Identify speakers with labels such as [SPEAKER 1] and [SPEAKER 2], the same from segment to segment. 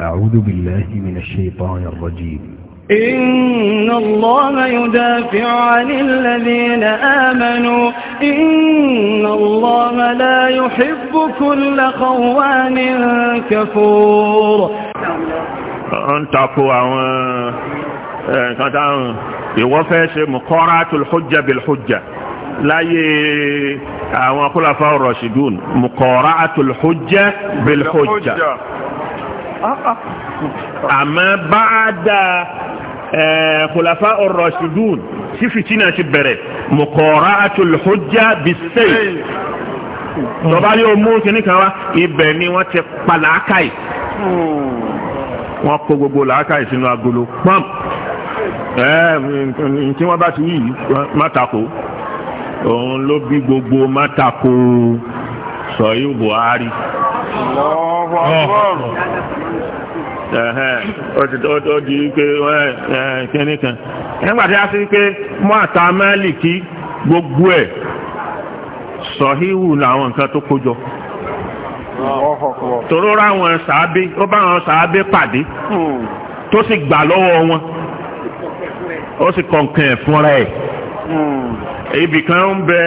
[SPEAKER 1] أعوذ بالله من الشيطان الرجيم
[SPEAKER 2] إن الله يدافع عن الذين آمنوا إن الله لا يحب كل خوان
[SPEAKER 3] كفور أنت أفوا كانت يوفيش مقارعة الحجة بالحجة لا ي... أقول أفوا الراشدون مقارعة الحجة بالحجة, بالحجة. àmọ́ bá a da kòlàfà ọ̀rọ̀ ṣùdùn tí fìtínà ti bẹ̀rẹ̀ mọ̀kọ̀ọ̀rá àtúlùhójá bisẹ́yì tọ́ba yóò mú kíní kan wá ibẹ̀ ni wọ́n ti pa làákàyè wọ́n kó gbogbo làákàyè sínú agolo pọ́m tí wọ́n bá ti wí mátako òun ló bí gbogbo mátako sọ̀yìn Buhari. No ó di wípé kíní kan nígbà tí a ti pé mọ́ àtà Málíkì gbogbo ẹ̀ sọ̀híhù làwọn nǹkan tó kó jọ tòró ráwọn sàábé ó bá wọn sàábé pàdé hmm. tó sì gbà lọ́wọ́ wọn ó sì kọ̀ǹkàn ẹ̀ fúnra ẹ̀ hmm. ibì kan ń bẹ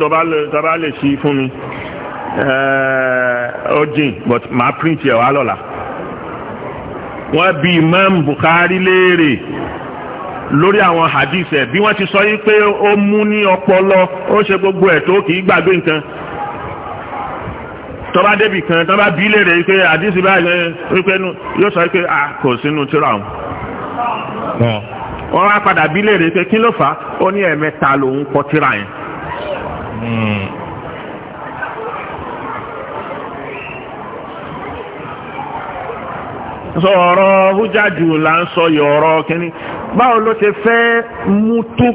[SPEAKER 3] tọ́ba lè ṣí fún mi. Eh, ó jìn but màá print ẹ̀ wá lọ́la wọ́n bi Imam Bukhari léèrè lórí àwọn hadith ẹ̀ bí wọ́n ti sọ yí pé ó mú ní ọpọlọ ó ṣe gbogbo ẹ̀ tó kì í gbàgbé nǹkan tọ́ba débì kan tọ́ba bí léèrè yí pé hadith báyìí eh, wípé yóò sọ pé ah, kò sínú tíra wọn. wọ́n wá padà bí léèrè pé kí ló fà á ó ní ẹ̀ẹ̀mẹ́ta lòun kọ tíra yẹn. Hmm. sọ ọ̀rọ̀ hújájú là ń sọ yọ ọ̀rọ̀ kínní báwo ló ṣe fẹ́ mú tó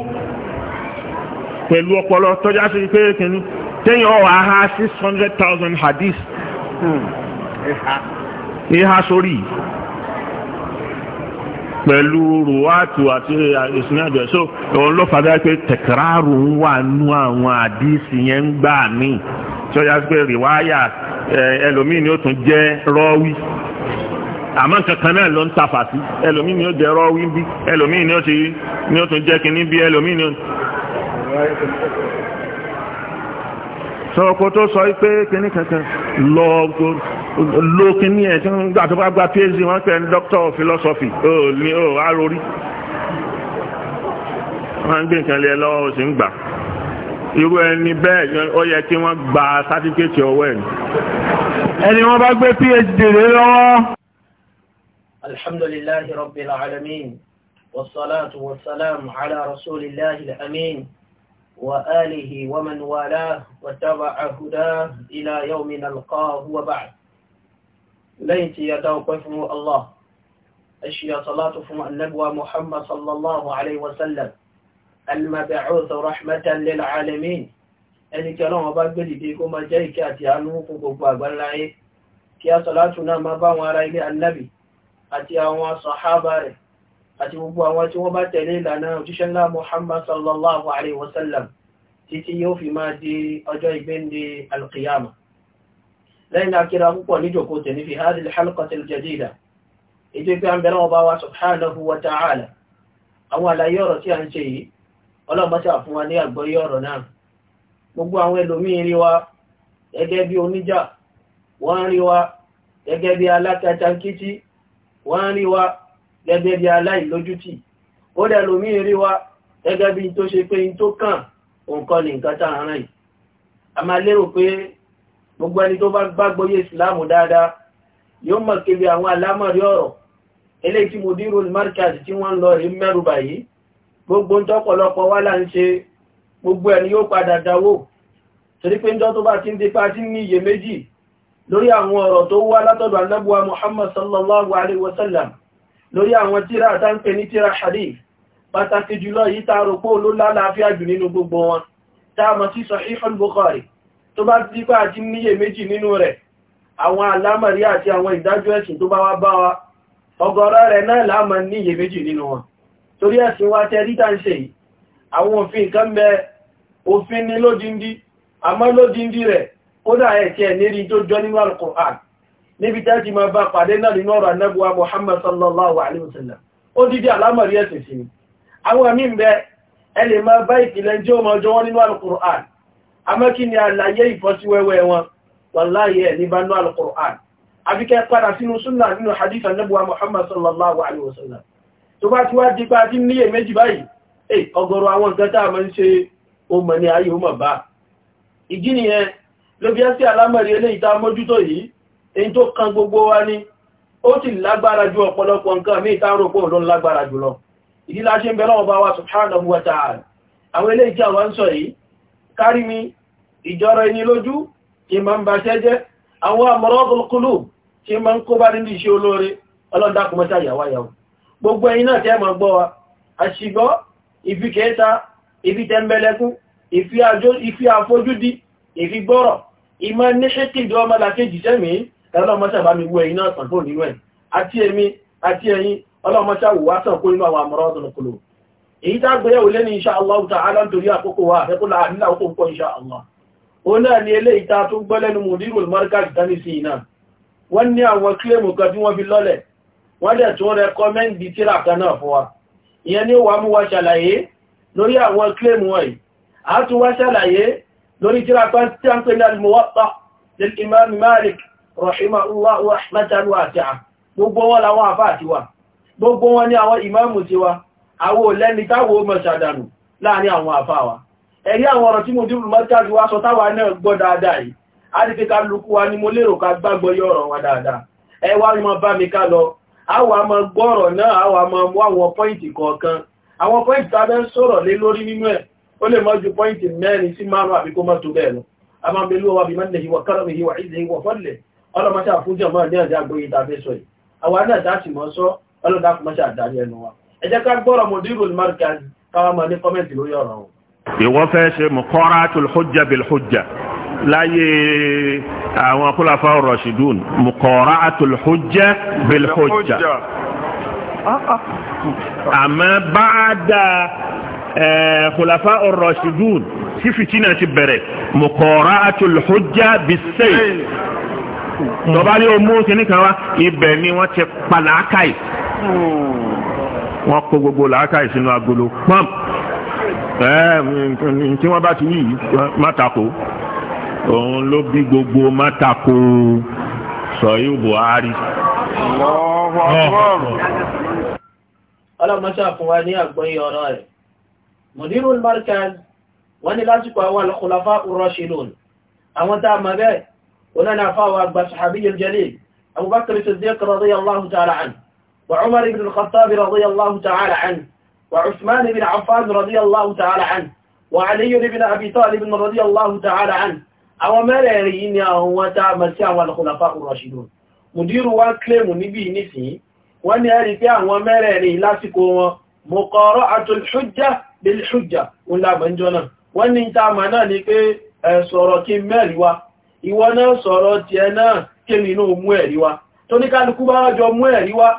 [SPEAKER 3] pẹ̀lú ọpọlọ tọ́já sí pé kínní tẹ́yìn ọ̀ àhá six hundred thousand hadith ìhà hmm. sórí pẹ̀lú ruwatu àti ìsinadu ẹ̀ so òun ló fàdá pé tẹ̀kárù ń wà nú àwọn àdísì yẹn ń gbà mí tí ó yá pé rìwáyà ẹlòmíì ni ó tún jẹ́ rọ́wí àmọ́ kankan náà ló ń ta fàtí ẹlòmíì ni ó jẹ́ rọ́wí bí ẹlòmíì ni ó ti ni ó tún jẹ́ kínní bí ẹlòmíì ni ó. sọ̀kò tó sọ pé kínní kankan lọ lo kínní ẹ̀ tí wọ́n gbà tó bá gba phd wọ́n pè ní doctor of philosophy ó ní ó arórí. wọ́n ń gbé nǹkan lé ẹ lọ́wọ́ ó sì ń gbà irú ẹni bẹ́ẹ̀ ó yẹ kí wọ́n gba sátífíkẹ́tì ọwọ́ ẹ̀ ẹni wọ́n bá gbé
[SPEAKER 2] phd lé lọ́wọ́.
[SPEAKER 4] الحمد لله رب العالمين والصلاة والسلام على رسول الله الأمين وآله ومن والاه وتبع هداه إلى يوم نلقاه وبعد ليت يتوقفه الله أشياء صلاة فم النبوة محمد صلى الله عليه وسلم المبعوث رحمة للعالمين
[SPEAKER 5] ẹni كلام ọlọ́run bá gbé dìde kó máa jẹ́ ìkẹ́ àti àánú fún gbogbo àgbáńláyé kí a sọ máa bá wọn ará ilé annabi àti àwọn sàhábà rẹ̀ àti gbogbo àwọn tí wọ́n bá tẹ̀lé ìlànà òjíṣẹ́ ńlá Muhammad sallallahu alaihi wasallam títí yóò fi máa di ọjọ́ ìgbéǹde alqiyama lẹ́yìn akíra púpọ̀ níjòkó
[SPEAKER 4] tẹ̀ ní fi hadhihi
[SPEAKER 5] gẹ́gẹ́ bí oníjà wọ́n wọ́n rí wa gẹ́gẹ́ bí aláìlójútì ó dẹ̀ lómi rí wa gẹ́gẹ́ bí tó ṣe pé tó kàn òǹkọ́ ní nǹkan tá àárín yìí a máa lérò pé gbogbo ẹni tó bá gbàgbọ́yé ìsìláàmù dáadáa yóò mọ̀ kébí àwọn alámọ̀rí ọ̀rọ̀ eléyìí tí mùdírù markaz tí wọ́n ń lọ rí mẹ́rùbà yìí gbogbo ń tọ́pọ̀lọpọ̀ wá là ṣe gbogbo ẹni yóò padà dáwó torí pé ń tọ́ tó bá ti ń dípa tí ní iyèméjì lórí àwọn ọ̀rọ̀ tó wá látọ̀dọ̀ annabuwa muhammad sallallahu alaihi wasallam lórí àwọn tíra àtàǹpẹ ní tíra hadith pàtàkì jùlọ yìí ta rò pé ló lálàáfíà jù nínú gbogbo wọn ta mọ̀ sí sahihul bukhari tó bá ti pá àti níyè méjì nínú rẹ̀ àwọn alámàrí àti àwọn ìdájọ́ ẹ̀sìn tó bá wá bá wa ọ̀gọ̀rọ̀ rẹ̀ náà láàmà níyè méjì nínú wọn torí wa tẹ́ rí tàn yìí àwọn òfin kan bẹ òfin kódà ẹ̀kẹ́ nírí tó jọ nínú al-Qur'an níbi tẹ́ ti máa bá pàdé náà nínú ọ̀rọ̀ annabuwa Muhammad sallallahu alaihi wasallam ó dídí alámọ̀rí ẹ̀sìn sí ni àwọn àmì ń bẹ ẹ máa bá ìpìlẹ̀ jẹ́ ọjọ́ nínú al-Qur'an àmọ́ kí ni àlàyé ìfọ́síwẹ́wẹ́ wọn wàláyé ẹ̀ al-Qur'an ló bí ẹ́ sí alámọ̀rí eléyìí tá mójútó yìí èyí tó kan gbogbo wa ní ó sì lágbára ju ọ̀pọ̀lọpọ̀ nǹkan mí ìta rò pé ló ń lágbára jùlọ ìdílá ṣe ń bẹ̀rẹ̀ ọba ta'ala àwọn eléyìí tí àwọn ń sọ yìí kárí mi ìjọra ẹni lójú tí ma ń ba ṣẹ́jẹ́ àwọn amaradul qulub tí ma ń kó bá nínú iṣẹ́ olóore ọlọ́dàkùnmọ́ta ìmọ̀ ní ṣékèdè ọmọ làkejì jẹ́mi ẹlọ́mọṣà bá mi wú ẹ̀yìn náà sàn kó nínú ẹ̀ àti èmi àti ẹ̀yìn ọlọ́mọṣà wù wá sàn kó inú àwọn àmọ́rọ́ ọdún kúlò èyí tá gbéyàwó lé ní insha Allah ta'ala nítorí àkókò wa àfẹ́kó láàrínlá ó tó ń pọ̀ insha Allah ó náà ní ilé ìta tó gbọ́ lẹ́nu mudirul markaz dání sí iná wọ́n ní àwọn kílèmù kan lórí tíra kan tí a ń pè ní al-Muwatta lil Imam Malik rahimahullahu rahmatan wasi'a gbogbo wọn làwọn àfáà tiwa gbogbo wọn ní àwọn ìmáàmù tiwa àwọn olẹ́ni táwọn ọmọ ṣàdánù láàrin àwọn àfáà wa ẹ̀rí àwọn ọ̀rọ̀ tí mo dúró mọ́tàjú wá sọ táwa náà gbọ́ dáadáa yìí a ti fi ká lukú wa ni mo lérò ó lè mọ́jú pọ́ìntì mẹ́rin sí márùn-ún àbíkó mọ́ tó bẹ́ẹ̀ lọ a máa bẹ lówà bí mọ́lẹ̀ ìwọ̀ kọ́rọ̀ ìwọ̀ ìdè ìwọ̀ fọ́lẹ̀ ọlọ́mọṣà fún jẹ́ mọ́ ní ọjà agbóyè tàbí sọ yìí àwọn náà dáàtì mọ́ sọ ọlọ́dàkùnmọ́ṣà àdáyé ẹnu wa ẹ jẹ́ ká gbọ́rọ̀ mudirul markaz káwà mọ́ ní kọ́mẹ́ntì lórí ọ̀rọ̀ wọn.
[SPEAKER 3] ìwọ láyé àwọn khulafa ar-rashidun muqaratul hujja bil bá dáa Eh, khulafa ar-rashidun tí fìtínà ti bẹ̀rẹ̀ muqara'atul hujja bis-sayf tọba ní omú kìíní kan wá ibẹ̀ ni wọ́n ti pa làákàyè wọ́n kó gbogbo làákàyè sínú agolo pam eh, tí wọ́n bá ti wí mátako òun ló bí gbogbo mátako sọ̀yìn buhari.
[SPEAKER 5] ọlọ́mọṣà fún wa ní àgbọ́yé ọ̀rọ̀ rẹ̀. مدير المركز واني لازم هو الخلفاء الراشدون اما تاع ما جاي وانا نافع الصحابي الجليل ابو بكر الصديق رضي الله تعالى عنه وعمر بن الخطاب رضي الله تعالى عنه وعثمان بن عفان رضي الله تعالى عنه وعلي بن ابي طالب رضي الله تعالى عنه او ما يريني هو تاع ما الخلفاء الراشدون مدير واكلم نبي نسي واني عارف يا ما يريني لاسكو مقارعه الحجه bilhujja ń lábàájọ́ náà wọ́n ní táàmà náà ni pé sọ̀rọ̀ kí mẹ́rin wá ìwọ náà sọ̀rọ̀ tí ẹ náà kémi inú mú ẹ̀rí wá tó ní kálukú bá wájọ mú ẹ̀rí wá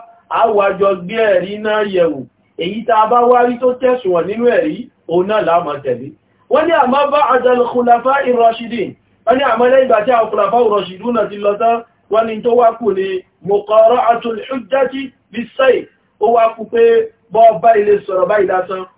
[SPEAKER 5] àwàjọ gbé ẹ̀rí náà yẹ̀wò èyí tá a bá wárí tó tẹ̀sùwọ̀n nínú ẹ̀rí òun náà láàmà tẹ̀lé wọ́n ní àmọ́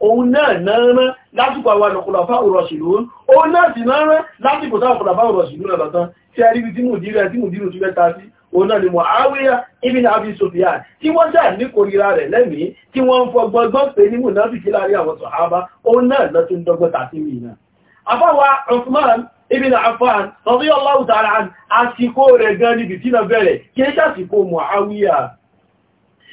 [SPEAKER 5] òun náà náà rán lásìkò àwọn àlọ́kùnlá fáwọn ọ̀rọ̀ṣìlú òun náà sì náà rán lásìkò táwọn ọ̀kùnlá fáwọn ọ̀rọ̀ṣìlú náà lọ́tán tí a rí bí tí mò dírẹ̀ tí mò dírù tí mẹ́ta sí òun náà ni Muawiya ibn Abi Sufyan tí wọ́n jà ní kòríra rẹ̀ lẹ́mìí tí wọ́n ń fọgbọ́gbọ́n pé ní mùnáfíkí láàrin àwọn sọ̀hábà òun náà lọ́tún ń dọ́gbọ́ta sí mi náà afáwa Uthman ibn Affan radiyallahu ta'ala an àsìkò rẹ̀ gan na bẹ̀rẹ̀ kí é sàsìkò Muawiya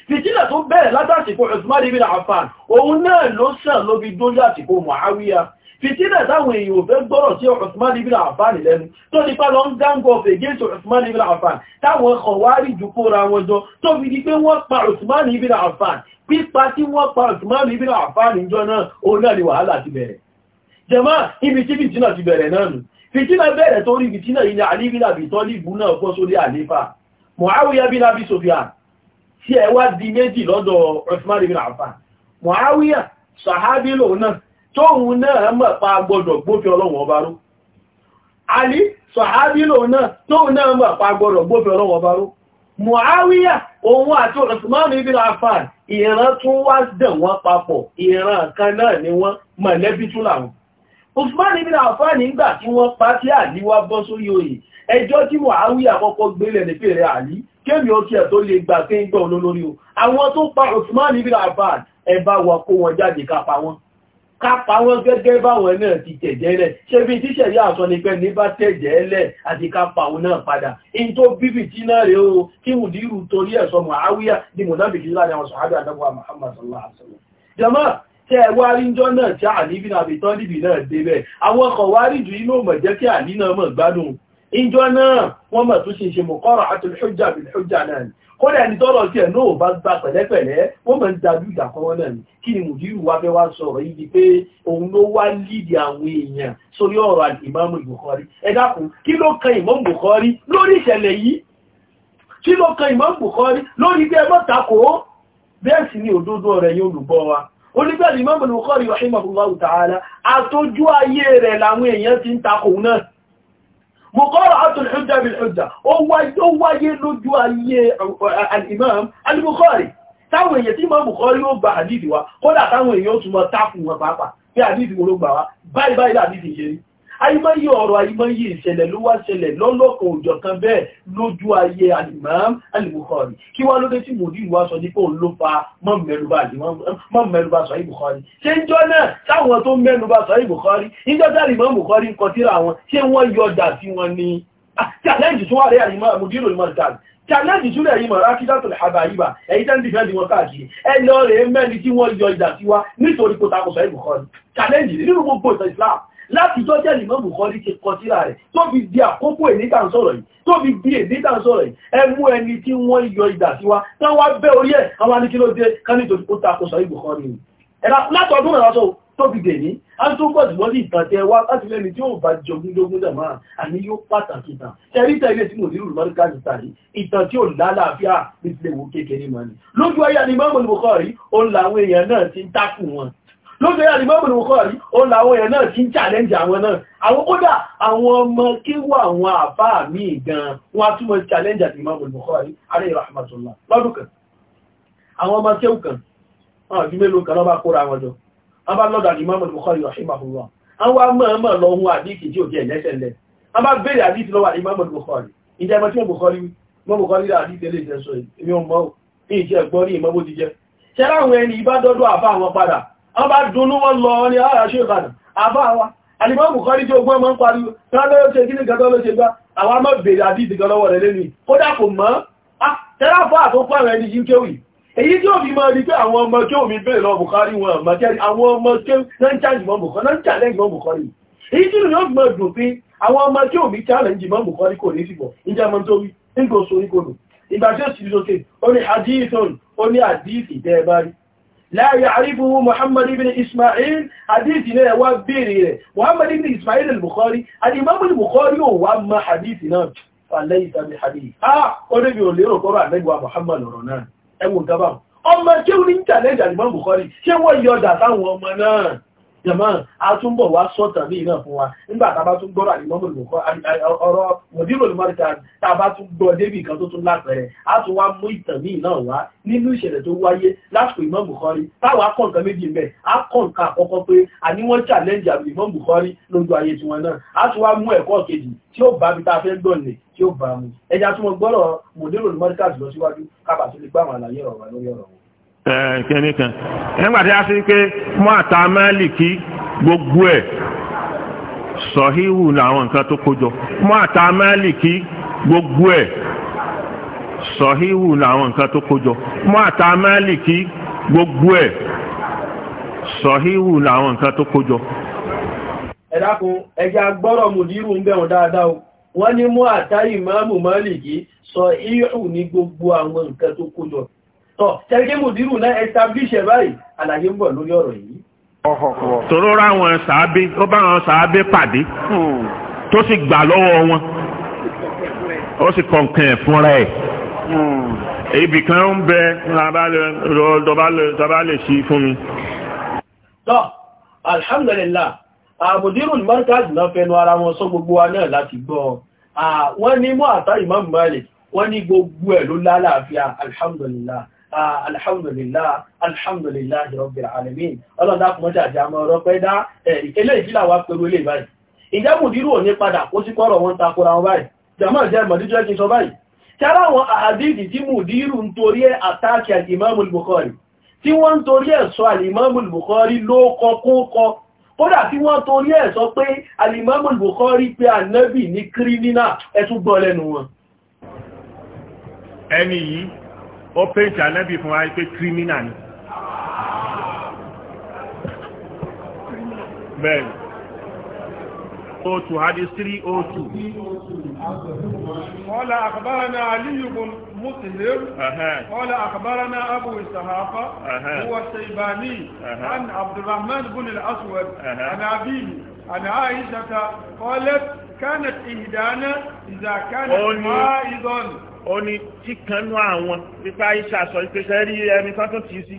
[SPEAKER 5] fìtínà tó bẹ̀rẹ̀ látàsìkò Uthman ibn Affan òun náà ló sàn ló fi dójú àsìkò Muawiya fìtínà táwọn èèyàn fẹ́ gbọ́rọ̀ sí Uthman ibn Affan lẹ́nu tó nípa lọ ń dáńgọ́ fègéṣù Uthman ibn Affan táwọn ọ̀wárí jùpóra wọn jọ tó fi di pé wọ́n pa Uthman ibn Affan pípa tí wọ́n pa Uthman ibn Affan níjọ náà òun náà ni wàhálà ti bẹ̀rẹ̀ jẹmá ibi tí fìtínà ti bẹ̀rẹ̀ náà nù fìtínà tí ẹ wá di méjì lọ́dọ̀ Uthman ibn Affan Muawiya sahabi lòun náà tóhun náà mọ̀ pa gbọdọ̀ gbófin ọlọ́wọ̀n ọba ró Ali sahabi lòun náà tóhun náà mọ̀ pa gbọdọ̀ gbófin ọlọ́wọ̀n ọba ró Muawiya òun àti Uthman ibn Affan ìran tún wá dẹ̀ wọ́n papọ̀ ìran kan náà ni wọ́n mọ̀lẹ́bí tún làwọn Uthman ibn Affan nígbà tí wọ́n pa tí Àlí wá Muawiya àkọ́kọ́ gbélẹ̀ nípèrè Àlí kéèmì ó kí ẹ̀ tó lè gbà tí ń gbọ́ olólórí o àwọn tó pa Usman ibn Affan ẹ bá wa kó wọn jáde kápa wọn kápa wọn gẹ́gẹ́ báwọn náà ti tẹ̀jẹ́ lẹ̀ ṣe bí tíṣẹ̀ yá àṣọ ni pé ní bá tẹ̀jẹ́ lẹ̀ àti kápa òun náà padà in tó bíbì tí náà rẹ̀ o kí mùdírù torí ẹ̀sọ́ Muawiya ni mùnábìkì láàrin àwọn sàádà àdáwà Muhammad sallallahu alaihi wasallam jama'a tẹ́ẹ̀wárí jọ náà tí àníbí náà fi tán níbi náà débẹ̀ àwọn ọkọ̀ wárí jù inú mọ̀ jẹ́ kí àní náà mọ̀ gbádùn ìjọ náà wọ́n mọ̀ tó ṣe ṣe mọ̀kọ́rọ̀ àtìlẹ́ṣọ́jà àbìlẹ́ṣọ́jà náà ni kódà ní tọ́rọ̀ tí ẹ̀ náà bá gbà pẹ̀lẹ́pẹ̀lẹ́ wọ́n mọ̀ ń dájú ìdàkọ́ wọn náà ni kí ni mùdírù wá fẹ́ wá sọ̀rọ̀ yìí pé òun ló wá lídì àwọn èèyàn sórí ọ̀rọ̀ ìmáàmù Bukhari ẹ dákun kí ló kan ìmáàmù Bukhari lórí ìṣẹ̀lẹ̀ yìí kí ló kan ìmáàmù Bukhari lórí bí ẹ mọ́ tako bẹ́ẹ̀ sì ni òdodo rẹ̀ yóò lùgbọ́ wa onígbàdì ìmáàmù Bukhari rahimahullahu àtọ́jú ayé rẹ̀ làwọn èèyàn ti ń tako náà مقارعة الحجة بالحجة هو يلج الإمام البخاري táwọn èèyàn tí mọ́ bùkọ́rí ó gba àdídì wa kódà táwọn èèyàn ó túnmọ̀ tákùn wọn pàápàá pé àdídì wọn ló gbà wá báyìí báyìí àdídì yẹrí àìmọye ọ̀rọ̀ àìmọye ìṣẹ̀lẹ̀ ló wá ṣẹlẹ̀ lọ́lọ́kan òjọ̀ kan bẹ́ẹ̀ lójú ayé Al-Imam Al-Bukhari kí wá lóde tí mòdí ìwà sọ ní pé òun ló fa mọ́mẹ́lúbà sọ ìbùkọ́rí ṣe ń jọ náà táwọn tó mẹ́lúbà sọ ìbùkọ́rí níjọ́ dárí mọ́ bùkọ́rí ń kọ tíra wọn ṣé wọ́n yọ dà sí wọn ni challenge ah, tó wà rẹ̀ àìmọ́ mùdírò ìmọ̀ ìtàlì challenge tún lẹ́yìn mọ̀rá kí látọ̀ àbáyíbà èyí tẹ́ ń wọn káàkiri ẹlọ́rẹ̀ẹ́ mẹ́rin tí wọ́n yọ ìdà nítorí kò takọ̀sọ̀ ìbùkọ́rí challenge nínú gbogbo ìtàn Islam láti tó jẹ́ ìmọ̀ bùkọ́lí ti kọ síra rẹ̀ tó fi di àkókò ènìtà ń sọ̀rọ̀ yìí tó fi di ènìtà ń sọ̀rọ̀ yìí ẹ mú ẹni tí wọ́n yọ ìdà sí wa tán wá bẹ́ orí ẹ̀ àwọn aníkílódé kan nítorí ó takò sọ ìbùkọ́lí látọ̀ọ́dún rẹ̀ lọ́sọ̀ọ́ tó fi dè ní antropos wọ́n sí ìtàtẹ wá láti lẹ́ni tí ó bá jogúndógún dàmà àní yóò pàtàkì tàn tẹ́rítà ilé tí mo nílùú lọ́ríkà nìta ní ìtàn tí ó lálàáfíà ní tilẹ̀ wò kékeré mọ́ ni lójú ayé ni mọ́mọ́ ní Bukhari ó ń la àwọn èèyàn náà ti ń tákù wọn lóde àdìmọ́bùn Bukhari ó làwọn èèyàn náà ti ń challenge àwọn náà àwọn kódà àwọn ọmọ kíwọ àwọn àbá mi gan wọn a túnmọ̀ challenge àdìmọ́bùn Bukhari alayhi rahmatullah lọ́dún kan àwọn ọmọ kéwù kan wọn àti mélòó kan lọ́ba kóra wọn jọ wọn bá lọ́dọ̀ àdìmọ́bùn Bukhari rahimahullah àwọn amọ̀ọ́mọ̀ lọ hun àdìsí tí ò jẹ́ ẹ̀lẹ́sẹ̀ lẹ̀ wọn bá béèrè àdìsí lọ́wọ́ àdìmọ́bùn Bukhari ìjẹ́ ẹmọ tí wọ́n Bukhari wọ́n Bukhari àdìsí ilé ìjẹsọ èmi ò mọ́ ìjẹ́ ẹ̀gbọ́n ní ìmọ́ bó ti ṣẹ́ráwọn ẹni ìbá dọ́dọ̀ àbá àwọn padà wọ́n bá dúnú wọ́n lọ ní ara ṣe ìbàdàn àbáwa alìmọ́bù kọ́ ní tí ogun ọmọ ń parí tọ́lọ́lọ́ṣe kí ní gẹ́gọ́lọ́ṣe gbá àwọn ọmọ bèèrè àdíjì gọ́lọ́wọ́ rẹ̀ lẹ́nu kódà kò mọ́ ah, tẹ́láfà tó kọ́ rẹ̀ ní yíkéwì èyí tí ó fi mọ́ rí pé àwọn ọmọ kí omi bèèrè lọ bùkárí wọn mọ́ kẹ́rì àwọn ọmọ kí náà ń challenge mọ́ bùkárí èyí tí ó mọ́ dùn pé àwọn ọmọ kí omi challenge mọ́ bùkárí kò ní fìbọ̀ ìjẹ́ mọ́ tó rí nígbò sórí kò lò ìgbà tí ó sì rí sókè ó ní àdíìtàn ó ní àdíìtì tẹ́ẹ̀ bá rí لا يعرفه محمد بن إسماعيل حديثنا وبيره محمد بن إسماعيل البخاري الإمام البخاري هو أما حديثنا فليس بحديث آه قرب يقول له قرأ نجوى محمد رنان أمو تبام أما كيف نتعلم الإمام البخاري كيف يدع سنوى منان jẹ̀mọ́ a tún bọ̀ wá sọ tàbí iná fún wa nígbà tá a bá tún gbọ́rọ̀ àdìmọ́mọ̀ lòkọ́ ọ̀rọ̀ mọ̀dírò ní mọ́ríkà tá a bá tún gbọ́ débì kan tó tún lápẹ̀rẹ̀ a tún wá mú ìtàn míì náà wá nínú ìṣẹ̀lẹ̀ tó wáyé lásìkò Imam Bukhari táwọn akọ̀ nǹkan méjì ń bẹ̀ a kọ̀ nǹkan àkọ́kọ́ pé àní wọ́n challenge àbí Imam Bukhari lójú ayé tiwọn náà a tún wá mú ẹ̀kọ́ kejì tí ó bá bí ta fẹ́ gbọ̀nlẹ̀ tí ó bá mu ẹja tí wọ́n gbọ́rọ̀ mọ̀dírò ní mọ́ríkà jùlọ síwájú kábàtúndínláwọn àlàyé ọ̀rọ̀ lórí ọ̀rọ̀ wọn
[SPEAKER 3] kẹ́ni kan nígbà a sì pé gbogbo ẹ̀ sọ̀híhù làwọn nǹkan tó kójọ mọ́ta Málìkì gbogbo ẹ̀ sọ̀híhù làwọn nǹkan tó kójọ gbogbo ẹ̀ sọ̀híhù làwọn nǹkan tó kójọ.
[SPEAKER 5] ẹ dákun ẹja gbọ́rọ̀ ń dáadáa o wọ́n ní sọ ìhù ní gbogbo àwọn nǹkan tó tọ́ tẹ́gẹ́ mùdírù náà establish ẹ̀ báyìí àlàyé ń bọ̀ lórí ọ̀rọ̀ yìí.
[SPEAKER 3] tòró ra wọn sàábé ó bá wọn sàábé pàdé hmm. tó sì gbà lọ́wọ́ wọn ó sì kọ̀ǹkan ẹ̀ fúnra ẹ̀ hmm. ibì kan ń bẹ tọ́ba lè ṣí fún mi.
[SPEAKER 2] tọ́
[SPEAKER 5] alhamdulillah àmùdírù markaz náà fẹnu ara wọn sọ gbogbo wa náà láti gbọ́ wọ́n ní mọ́ àtà Imam Malik wọ́n ní gbogbo ẹ̀ ló lálàáfíà alhamdulillah alhamdulillah alhamdulillah rabbil alamin ọlọ́dá kùmọ́tà àti àmọ́ ọ̀rọ̀ pẹ́ dá ilé ìfìlà wa pẹ̀lú ilé ìbáyìí ìjẹ́mù dírú òní padà kó sí kọ́rọ̀ wọn takora wọn báyìí jàmọ́ ìjẹ́ mọ̀díjọ́ kí sọ báyìí tí ara wọn àhàdìdì tí mù dírú ń torí ẹ àtàkì al-Imamul Bukhari tí wọ́n ń torí ẹ̀ sọ al-Imamul Bukhari ló kọkúnkọ kódà tí wọ́n torí ẹ̀ sọ pé al-Imamul pé ànábì ní kírímínà ẹtúgbọ́ lẹ́nu wọn ẹni yìí ó
[SPEAKER 3] péjì ànábì fún wa pé kírímínà ni bẹ́ẹ̀ni o two hadith three o two. قال أخبرنا علي بن مسلم قال أخبرنا أبو إسحاق هو الشيباني عن عبد الرحمن بن الأسود عن أبيه عن عائشة قالت كانت إهدانا إذا كانت حائضا ó ní tí kanú àwọn pípa Aisha sọ ìpèsè rí ẹni kan tó tì í sí.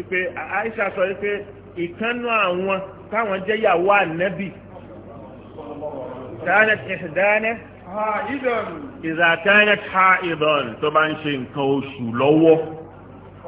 [SPEAKER 3] ìpè Aisha sọ pé ìkanú àwọn táwọn jẹ́ ìyàwó ànẹ́bì kanat
[SPEAKER 5] ihdana haidan
[SPEAKER 3] idha kanat haidan tó bá ń ṣe nǹkan oṣù lọ́wọ́.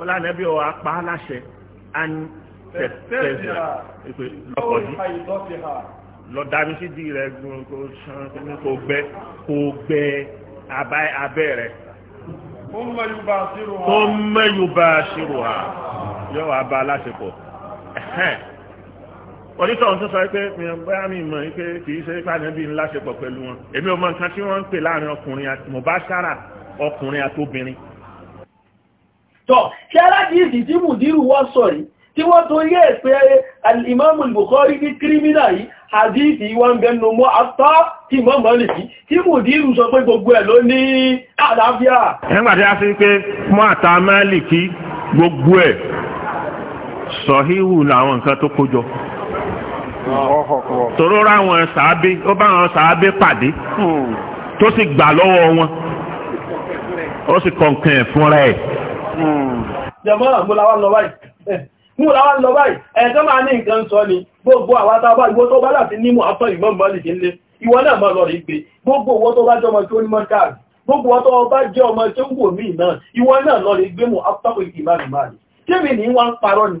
[SPEAKER 3] ọlá nẹ́bí ọwọ́ apá aláṣẹ ani tẹ̀tẹ̀sẹ̀ ìpè lọ́kọ̀ọ́dún lọ dami sí di rẹ gun kó sàn kó gbẹ kó gbẹ abẹ́ rẹ tó mẹ́yù bá a ṣírò ha yóò wá bá a láṣepọ̀ onítọ̀hún tó sọ pé bóyá mi mọ̀ pé kì í ṣe pé ànábì ńlá ṣepọ̀ pẹ̀lú wọn èmi ò mọ nǹkan tí wọ́n ń pè láàrin
[SPEAKER 5] ọkùnrin àti mọ̀bá sára ọkùnrin àtobìnrin tọ́ ṣe alájíìsì tí mùdírù wọ́n sọ̀rí tí wọ́n tó yẹ́ pé al-Imam al-Bukhari ní kírímínà yìí àdíìsì wọ́n bẹnu mọ́ àtọ́ tí mọ́ mọ́lìsí tí mùdírù sọ pé gbogbo ẹ̀ ló ní àlàáfíà
[SPEAKER 3] ẹgbàtí a sí pé mọ́ àtà Málìkì gbogbo ẹ̀ sọ̀híhù làwọn nǹkan tó kójọ tòró ráwọn sàábé ó bá wọn sàábé pàdé hmm. tó sì gbà lọ́wọ́ wọn ó sì kọ̀ǹkàn ẹ̀ fúnra ẹ̀.
[SPEAKER 5] jẹ̀mọ́ mo làwọn lọ báyìí mo làwọn lọ báyìí ẹ̀ẹ́dọ́ máa ní nǹkan sọ ni gbogbo àwọn àtàwọn ìwọ tó bá láti nímú àtọ́ ìmọ̀ mọ́lì nílé ìwọ náà máa lọ rí pé gbogbo owó tó bá jọmọ tó ní mọ́ káàdì gbogbo ọtọ́ ọba jẹ́ ọmọ tó ń wò míì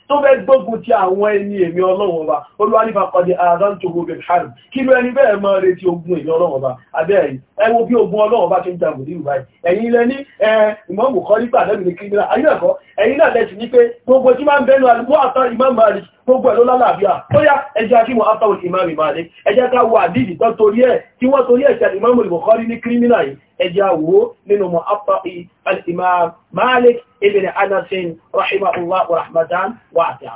[SPEAKER 5] tó bẹ́ gbógun ti àwọn ẹni èmi ọlọ́wọ́n wa olúwanífà pàdé àádọ́n tó gbogbo ìhàrù kí ló ẹni bẹ́ẹ̀ máa retí ogun èmi ọlọ́wọ́n wa abẹ́ẹ̀yìn ẹ wo bí ogun ọlọ́wọ́n bá ti ń jagun nílùú báyìí ẹ̀yin ilẹ̀ ní ìmọ̀mù kọ́ ní kíndìnrà ní pé Imam Malik gbogbo ẹ̀ ló lálàáfíà ó yá ẹjẹ́ kí wọ́n afọ́ ìmọ̀ rìmọ̀ àdé ẹjẹ́ ká wo àdìdì tán torí ẹ̀ ẹjá wo nínú mọ̀ afọ́fí al-imam malik ibn anasin rahimahullah wa rahmatan wa àtà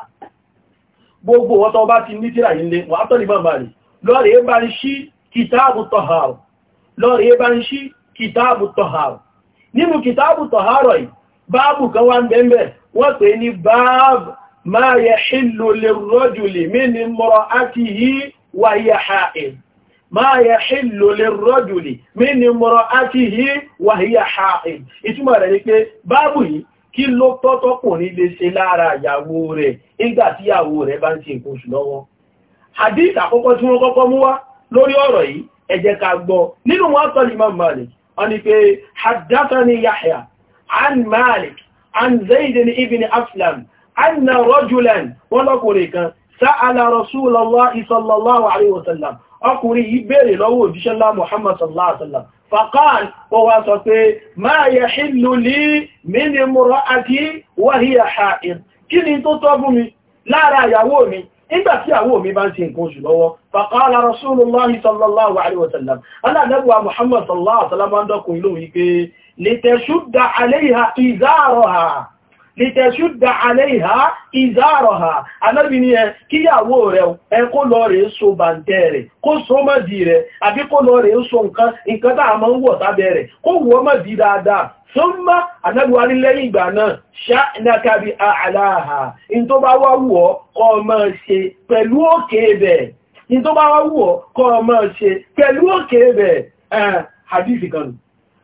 [SPEAKER 5] gbogbo wọ́n tó bá ti ní tíra ilé wà á tọ́lì mọ́màlì lọ́rẹ̀ yẹ bá ń ṣí kìtàbù tọ̀hàrù lọ́rẹ̀ yẹ bá ń ṣí kìtàbù tọ̀hàrù nínú kìtàbù tọ̀hàrù yìí báàbù kan wá ń bẹ́ẹ̀ wọ́n pè ní báàbù máa yẹ ṣílò lè rọ́jù lè mí ni mọ́rọ̀ á ti yí wáyé ha'il máa yẹ hìlò lè rọ́jùlì mí ni mọ́rọ̀ áti yí wàhíyà haid ìtumọ̀ rẹ̀ ni pé báàbù yìí kí ló tọ́tọ́kùnrin lè ṣe lára ìyàwó rẹ̀ nígbà tí ìyàwó rẹ̀ bá ń ṣe nǹkan oṣù lọ́wọ́ hadith àkọ́kọ́ tí wọ́n kọ́kọ́ mú wá lórí ọ̀rọ̀ yìí ẹ ká gbọ́ nínú wọn tọ́lì ọkùnrin yìí béèrè lọ́wọ́ òjíṣẹ́ ńlá Muhammad sallallahu alaihi wasallam faqal ó wá sọ pé ma yahillu li min imra'ati wa hiya ha'id kí ni tó tọ́ fún mi lára ìyàwó mi nígbà tí àwọ mi bá ń ṣe nǹkan oṣù lọ́wọ́ faqala rasulullah sallallahu alaihi wasallam aláàdẹ́gbà Muhammad sallallahu alaihi wasallam bá ń dọ́kùn ilé òyìn pé litashudda alaiha izaraha lìtẹ̀ṣúdà àlẹ́ìhá ìzáàrọ̀há anábì ni ẹ kíyàwó rẹ̀ ẹ kó lọ rẹ̀ so bàǹtẹ́ rẹ̀ kó so di àbí kó lọ rẹ̀ so nǹkan nǹkan tàà mọ́ ń wọ̀ tábẹ̀ rẹ̀ kó wọ́ mọ́dì dáadáa súnmọ́ anábìwá bá wá wù oke kọ́ mọ́ tó bá wá wù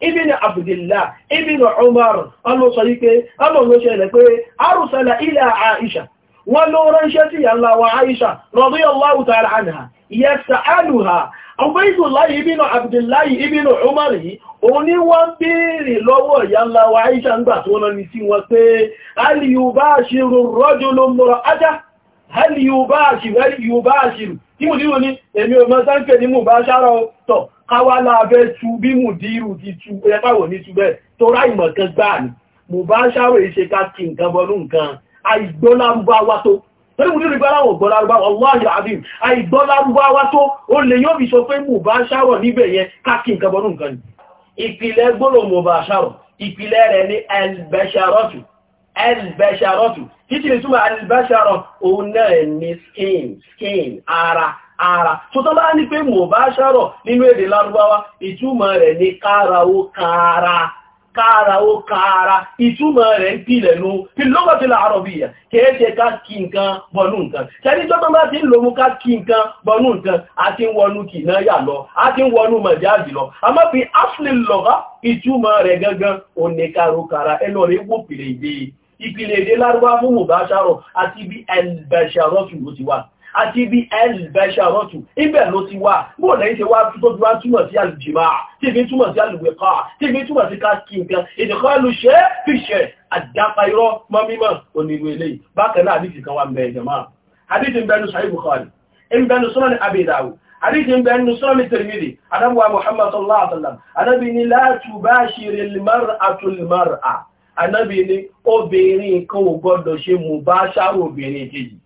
[SPEAKER 5] ibn abdullah ibn umar ọlọ́ sọ wípé ọlọ́ ló ṣẹlẹ̀ pé arùsàlà ilẹ̀ àìṣà wọ́n ló ránṣẹ́ sí yàlá wa àìṣà radiyallahu ta'ala anha yas'aluha Ubaydullah ibn Abdullah ibn Umar yìí, òun ní wọ́n béèrè lọ́wọ́ ìyá ńlá wa Aisha ń gbà tó wọ́n sí wọn pé, "Hal bá ṣára ọ̀tọ̀ káwálá abẹ́ tu bí mùdírù ti tu ẹgbàwò ní tu bẹ́ẹ̀ tó rá ìmọ̀ kan gbà ní mo bá ṣàrò ìṣe ká kí nǹkan bọnú nǹkan àìgbọ́lárúbáwá tó pẹ̀lú mùdírù ìgbàláwọ̀ gbọ́lárúbáwá ó lè yóò fi sọ pé mo bá ṣàrò níbẹ̀ yẹn ká kí nǹkan bọnú nǹkan ni ìpìlẹ̀ gbọ́lọ̀ mo bá ṣàrò ìpìlẹ̀ rẹ̀ ní albẹ́ṣarọ́tù títí lè túmọ̀ albẹ́ṣarọ́ òun náà ní skin skin ara ara tó tán bá ní pé mò bá ṣọ́rọ̀ nínú èdè lárúbáwá ìtumọ̀ rẹ̀ ní kára ó kára kára ó kára ìtumọ̀ rẹ̀ ń pìlẹ̀ nú fi lọ́gbọ̀ tí láàárọ̀ bí yà kẹ́ẹ̀ṣẹ́ ká kí nǹkan bọnú nǹkan kẹ́rí tó tán bá ti ń lo mú ká kí nǹkan bọnú nǹkan a ti ń wọnú kì náà yà lọ a ti ń wọnú mọ̀jáàjì lọ a fi áfìlì lọ́gá ìtumọ̀ rẹ̀ gangan ò ní kára ó kára ìpìlẹ̀ èdè lárúbá fún mùbáṣárọ̀ àti bí ẹlbẹ̀ṣàrọ̀ fìwó ti wà àti ibi ẹlbẹ̀ṣàrọ́tù ibẹ̀ ló ti wá bóò lẹ́yìn tí wá tó bí wá túmọ̀ sí alùjìmá tí ibi túmọ̀ sí alùwẹ̀kọ́ tí ibi túmọ̀ sí káàkì nǹkan ìdíkọ́ ẹlù ṣe fi ṣe àdápa irọ́ mọ́ mímọ̀ onírú eléyìí bákan náà àdìsí kan wà ń bẹ ìjọmọ́ àdìsí ń bẹnu sahih bukhari ń bẹnu sunan abi dawud àdìsí ń bẹnu sunan tirmidhi anabuwa muhammad sallallahu alaihi wasallam anabi ni la tubashiri almar'atu almar'a anabi ni obìnrin kan ò gbọdọ̀ ṣe mubashara obìnrin kejì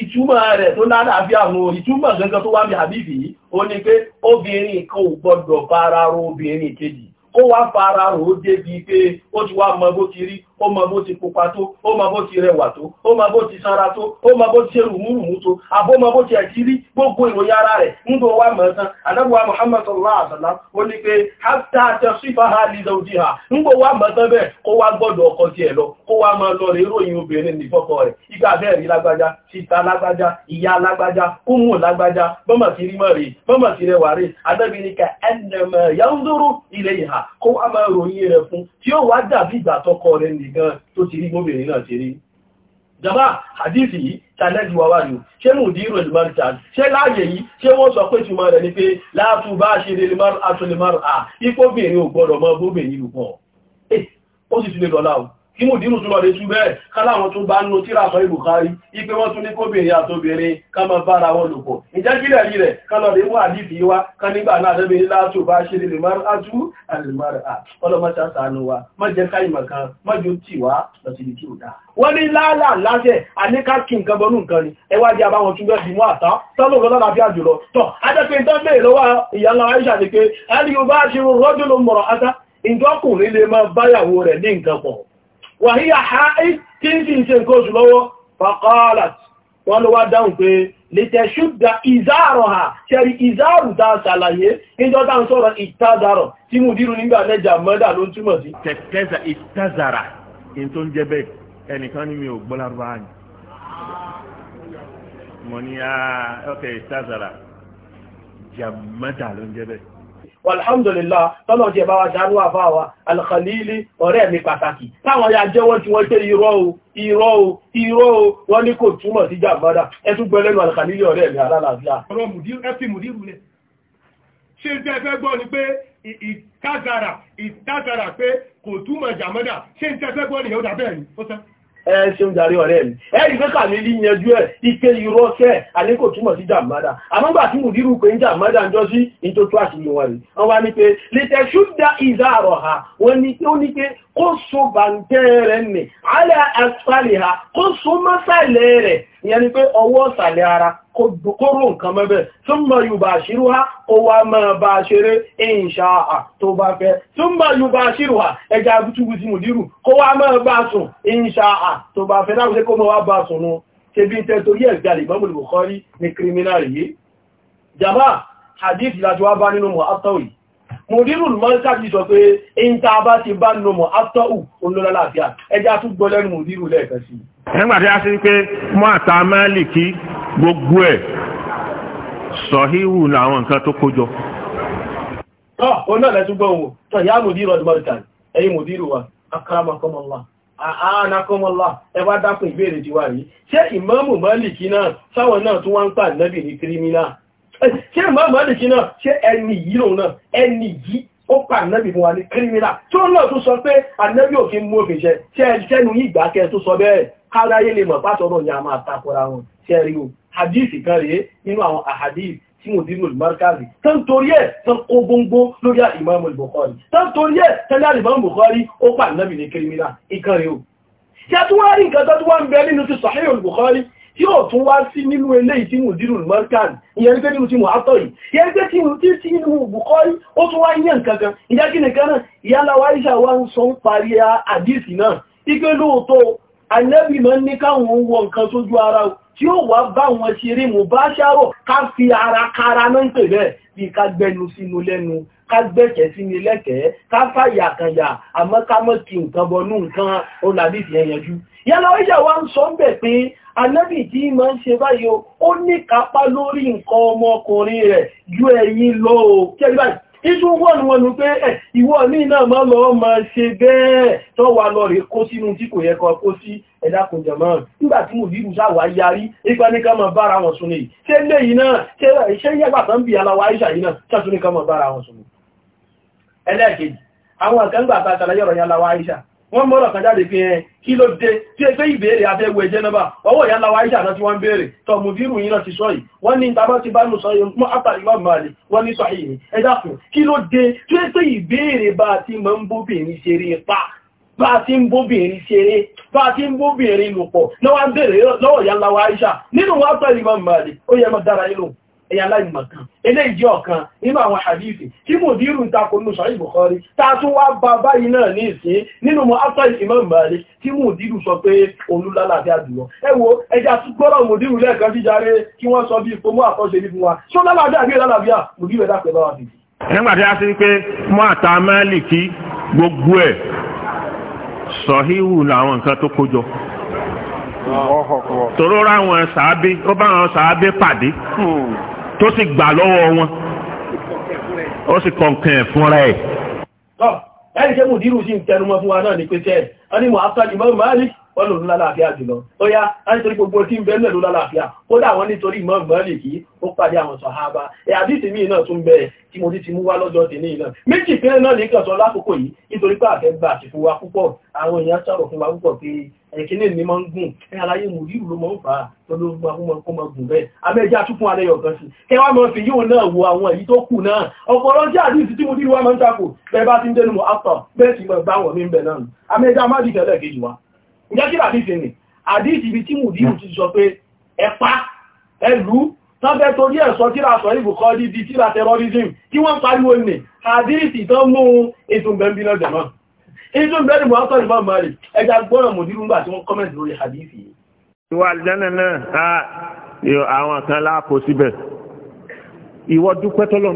[SPEAKER 5] ìtumọ̀ rẹ̀ tó lálàáfíà àwọn ìtumọ̀ gangan tó wá mi àbífì yìí ó ní pé obìnrin kan ò gbọdọ̀ fara ro obìnrin kejì kó wá fara ro débi pé ó ti wá mọ bó ti rí ó mọ bó ti pupa tó ó mọ bó ti rẹwà tó ó mọ bó ti sanra tó ó mọ bó ti rùmúrùmú tó àbó mọ bó ti ẹ̀kí rí gbogbo ìròyìn ara rẹ̀ ń bó wá mọ̀ tán adábọ̀wá Muhammad sallallahu alaihi wasallam ó ní pé hátà tẹ sífà ha lè lọ òdì ha ń bó wá mọ̀ tán bẹ́ẹ̀ kó wá gbọ́dọ̀ ọkọ tiẹ̀ lọ kó wá máa lọ rèé ròyìn obìnrin nìfọ́kọ rẹ̀ ìgbà bẹ́ẹ̀ rí lágbájá síta lágbájá ìyá lágbájá kúmù lágbájá bọ́mọ̀ sí gan tó ti rí gómìnà náà ti rí jàmbá àdífì yìí tàlẹ́jù wà wáyò ṣé mú dírò ìlúmọ̀rìtà ṣé láàyè yìí ṣé wọ́n sọ pé túnmọ̀ rẹ̀ ni pé láàtú bá ṣe lè mọ́rún àtúnlẹ̀mọ́rún à ipóbìnrin ò gbọ́dọ̀ mọ́ bóbìnrin lùpọ̀ eh, ó sì tún lè lọ́lá o kí mò dínú túnlọ̀ lè tú bẹ́ẹ̀ káláwọn tún bá nù tíra sọ ìbùkárí ipé wọ́n tún ní kóbìnrin àtòbìnrin ká máa bára wọn lò pọ̀ ìjẹ́ kílẹ̀ rí rẹ̀ kálọ̀ lè mú àdìfì wá ká nígbà náà lẹ́bẹ̀ látò bá ṣe lè mara ájú àlèmara à ọlọ́mọta sànú wa má jẹ́ ká ìmọ̀ kan má jò tì wá lọ sí ibi tí ò dáa wọ́n ní láàlà láṣẹ àníká kí nǹkan bọnú nǹkan ni ẹwà di àbáwọn tún bẹ́ẹ̀ mú àtá Aisha ni pé ẹni yóò bá ata ìjọkùnrin lè máa báyàwó rẹ̀ ní nǹkan wàhíyà haid tí ń fi ń ṣe nǹkan oṣù lọ́wọ́ fàkọ́lát wọ́n ló wá dáhùn pé lẹ́tẹ̀ ṣúgbà ìzáàrọ̀ ha ṣẹ́rí ìzáàrù ta ṣàlàyé níjọ́ tá ń sọ̀rọ̀ ìtazàrọ̀ tí mú dírú nígbà lẹ́jà mọ́dà ló túmọ̀ sí. tẹ̀tẹ́zà ìtazàrà
[SPEAKER 3] in tó ń jẹ́ bẹ́ẹ̀ ẹnìkan ní mi ò gbọ́ lárúbá ni mo
[SPEAKER 5] ní ọkẹ̀ ah, ìtazàrà jàmọ́dà ló ń jẹ́ bẹ́ẹ̀ alhamdulillah tọ́lọ̀ jẹ bá wa ṣàánú àfáwà alkhalili ọ̀rẹ́ mi pàtàkì táwọn ya jẹ́wọ́ tí wọ́n pé irọ́ o irọ́ o irọ́ o wọ́n ní kò túmọ̀ sí jàmbádà ẹtú gbẹ́lẹ́nu alkhalili ọ̀rẹ́ mi alálàáfíà ọ̀rọ̀ mùdírù ẹ ṣeun darí ọ̀rẹ́ mi ẹ̀rí pé kàmí lí yanjú ẹ̀ ike ìrọ́ṣẹ́ àlékò túmọ̀ sí jàmádà àmọ́gbà tí mùdírù pé ń jàmádà ń jọ sí ìtótó àṣìlò wọn rí wọ́n wá ní pé lẹ́tẹ̀ ṣúdá ìzáàrọ̀ ha wọ́n ní pé ó ní pé kó so bàǹtẹ́ rẹ̀ nì alẹ́ àṣàlẹ̀ ha kó so mọ́sàlẹ̀ rẹ̀ ìyẹn ni pé ọwọ́ ọ̀sàlẹ̀ ara kó rò nǹkan mẹ́bẹ̀ túnmọ̀ yùbà ṣírúhá ó wá máa bá ṣeré ìṣàà tó bá fẹ́ túnmọ̀ yùbà ṣírúhá ẹja gútúgú sí mùdírù kó wá máa bá sùn ìṣàà tó bá fẹ́ láwùsẹ́ kó mọ́ wá bá sùn nú mùdírùn mọ́ṣáàjì sọ pé in ta bá ti bá nọmọ̀ aftọ́ù olólálàáfíà ẹjá tún gbọ́ lẹ́nu mùdírù lẹ́ẹ̀kan sí
[SPEAKER 3] nígbàtí a sì ń pé mọ́ àta máàlìkì gbogbo ẹ̀ sọ̀híhù làwọn nǹkan tó kójọ
[SPEAKER 5] tọ́ o náà lẹ́tún gbọ́n wò tọ́ ìyá mùdírù ọdún mọ́rìtàn ẹ̀yìn mùdírù wa akaramakomọ́lá àánakọ́mọ́lá ẹwà dákùn ìbéèrè ti wà yìí ṣé ìmáàmù máàlìkì náà sáwọn náà tún wá ń pà nẹ́bì ní kírímínà ṣé ìmọ̀ àmọ́lì kí náà ṣé ẹni yìí lòun náà ẹni yìí ó pa ànábì fún wa ní kírímìnà tí ó náà tún sọ pé ànábì ò fi mú òfin ṣẹ ṣé ẹnu yìí gbà kẹ́ tó sọ bẹ́ẹ̀ káráyé lè mọ̀ pátọ́rọ̀ ni a máa takora wọn ṣe rí o hadith kan rèé nínú àwọn ahadith tí mo dínú ìmárkàrí tán torí ẹ̀ tán kó gbóngbó lórí Imam Bukhari tán torí ẹ̀ tán láàrín Imam Bukhari ó pa ànábì ní kírímìnà ìkan rèé o ṣe tó wá rí nǹkan tó wá ń bẹ nínú ti Sahih Bukhari yóò tún wá sí nínú eléyìí tí mùdírù mọ́kàn ìyẹn pé nínú tí mò átọ̀ yìí ìyẹn pé tí mò tí tí nínú Bukhari ó tún wá yẹn kankan ìjákí nìkan náà ìyálà wáyíṣà wá ń sọ ń parí àdíìsì náà ipé lóòótọ́ anẹ́bì mọ́ ní káwọn wọ nǹkan sójú ara tí ó wá bá wọn ṣeré mò bá ṣàrọ̀ ká fi ara kára náà ń pè bẹ́ẹ̀ bí ká gbẹnu sínú lẹ́nu ká gbẹ̀kẹ̀ sínú lẹ́kẹ̀ẹ́ ká fàyà kànyà àmọ́ ká mọ́ kí nǹkan bọnú nǹkan ó làbí ìfìyẹn yanjú yálà wáyíṣà wá ń sọ ń bẹ̀ pé anábì tí ma ń ṣe báyìí ó ní kápá lórí nǹkan ọmọkùnrin rẹ̀ ju ẹ̀yin lọ ò kẹ́rí báyìí iṣu wọ́n wọn nù pé ẹ̀ ìwọ ní náà má lọ ma ṣe bẹ́ẹ̀ tó wà lọ rí kó sínú tí kò yẹ kan kó sí ẹ̀dá kò jẹ̀mọ́ nígbà tí mo dìrù sáwà yarí ipa ní ká wọ́n mọ́rọ̀ kan jáde fi ẹn kí ló dé tí ẹgbẹ́ ìbéèrè afẹ́wò ẹjẹ́ náà ọwọ́ ìyá láwa iṣẹ́ àti wọ́n béèrè tọmù bírù yìí náà ti sọ́yì wọ́n ní ìtàbá ti bá nù sọ́yì mọ́ àtàríwá màálì wọ́n ní sọ́yì ní ẹjákùn kí ló dé tí ẹgbẹ́ ìbéèrè bá ti mọ́ ń bóbìnrin ṣeré pa bá ti ń bóbìnrin ṣeré bá ti ń bóbìnrin lòpọ̀ lọ́wọ́ béèrè lọ́wọ́ ìyá láwa iṣẹ́ nínú wọ́n àtàríwá màálì ó yẹ mọ́ dára nílò ẹ̀yà aláìmọ̀kan eléyìí jẹ́ ọ̀kan nínú àwọn hadithi tí mò dírù ń takò nínú sọ̀rọ̀ Bukhari ta tún wá bá báyìí náà ní ìsín nínú mọ́ after Imam Malik tí mò dírù sọ pé olúlálàáfíà jùlọ ẹ wo ẹja tún gbọ́dọ̀ mò dírù lẹ́ẹ̀kan jíjáre kí wọ́n sọ bí ipò mú àtọ́ṣe ní fún wa ṣó lálàáfíà bí lálàáfíà mò dírù ẹ̀dá pẹ̀lú àwọn àbìbì. nígbà tí a ti
[SPEAKER 3] pé mọ́ àtà àwọn sàábé ó bá àwọn sàábé pàdé hmm tó sì gbà lọ́wọ́ wọn ó sì kọ̀ǹkàn ẹ̀ fúnra ẹ̀.
[SPEAKER 5] ẹnì kí mo dírú sí ìtẹnumọ́ fún wa náà ní pé sẹ́ẹ̀ ọlọ́run lálàáfíà jùlọ ó yá a nítorí gbogbo tí ń bẹ́ẹ̀lẹ̀ ló lálàáfíà ó dáwọn nítorí mọ́ọ̀mọ́lì kí ó pàdé àwọn sọ̀hábá ẹ̀ àdíṣì mí náà tún bẹ̀ẹ̀ tí mo ti ti mú wá lọ́jọ́ tèmi náà méjì pé náà ní kàn sọ lákòókò yìí nítorí pé àfẹ́ gbà àti fún wa púpọ̀ àwọn èèyàn sọ̀rọ̀ fún wa púpọ̀ pé ẹ̀kíní ni máa ń gùn ẹ aláyé mú rí ìrùlọ máa ń fà á lọ́lọ́gbọ́n àwọn ọkọ̀ máa gùn bẹ́ẹ̀ abẹ́já tún fún alẹ́yọ̀ kan sí kẹwàá máa fi yíò náà wo àwọn èyí tó kù náà ọ̀pọ̀lọ́ jẹ́ àdíṣì tí mo dí wa máa ń tako bẹ́ẹ̀ bá ti ń dẹnu mọ́ àtọ̀ bẹ́ẹ̀ sì máa bá wọn mí ń bẹ̀ náà abẹ́já Ǹjẹ́ kí làdíṣe nì? Àdíṣe ibi tí mùdíù ti sọ pé ẹ̀pá ẹlú tọ́bẹ̀ torí ẹ̀sọ́ tí ra sọ ìbùkọ́ dídí tí ra terrorism kí wọ́n pariwo nì. Àdíṣe tán mú ètùn bẹ̀m̀bìnà jẹ̀mọ́. Ètùn bẹ̀rẹ̀ mọ́ àtọ́ ìmọ̀ mọ́rì ẹja gbọ́rọ̀ mùdíù ńgbà tí wọ́n kọ́mẹ̀ntì lórí àdíṣe yìí. Ìwà àlìjánà náà,
[SPEAKER 3] àwọn kan láàpò síbẹ̀. Ìwọ dúpẹ́ tọ́lọ́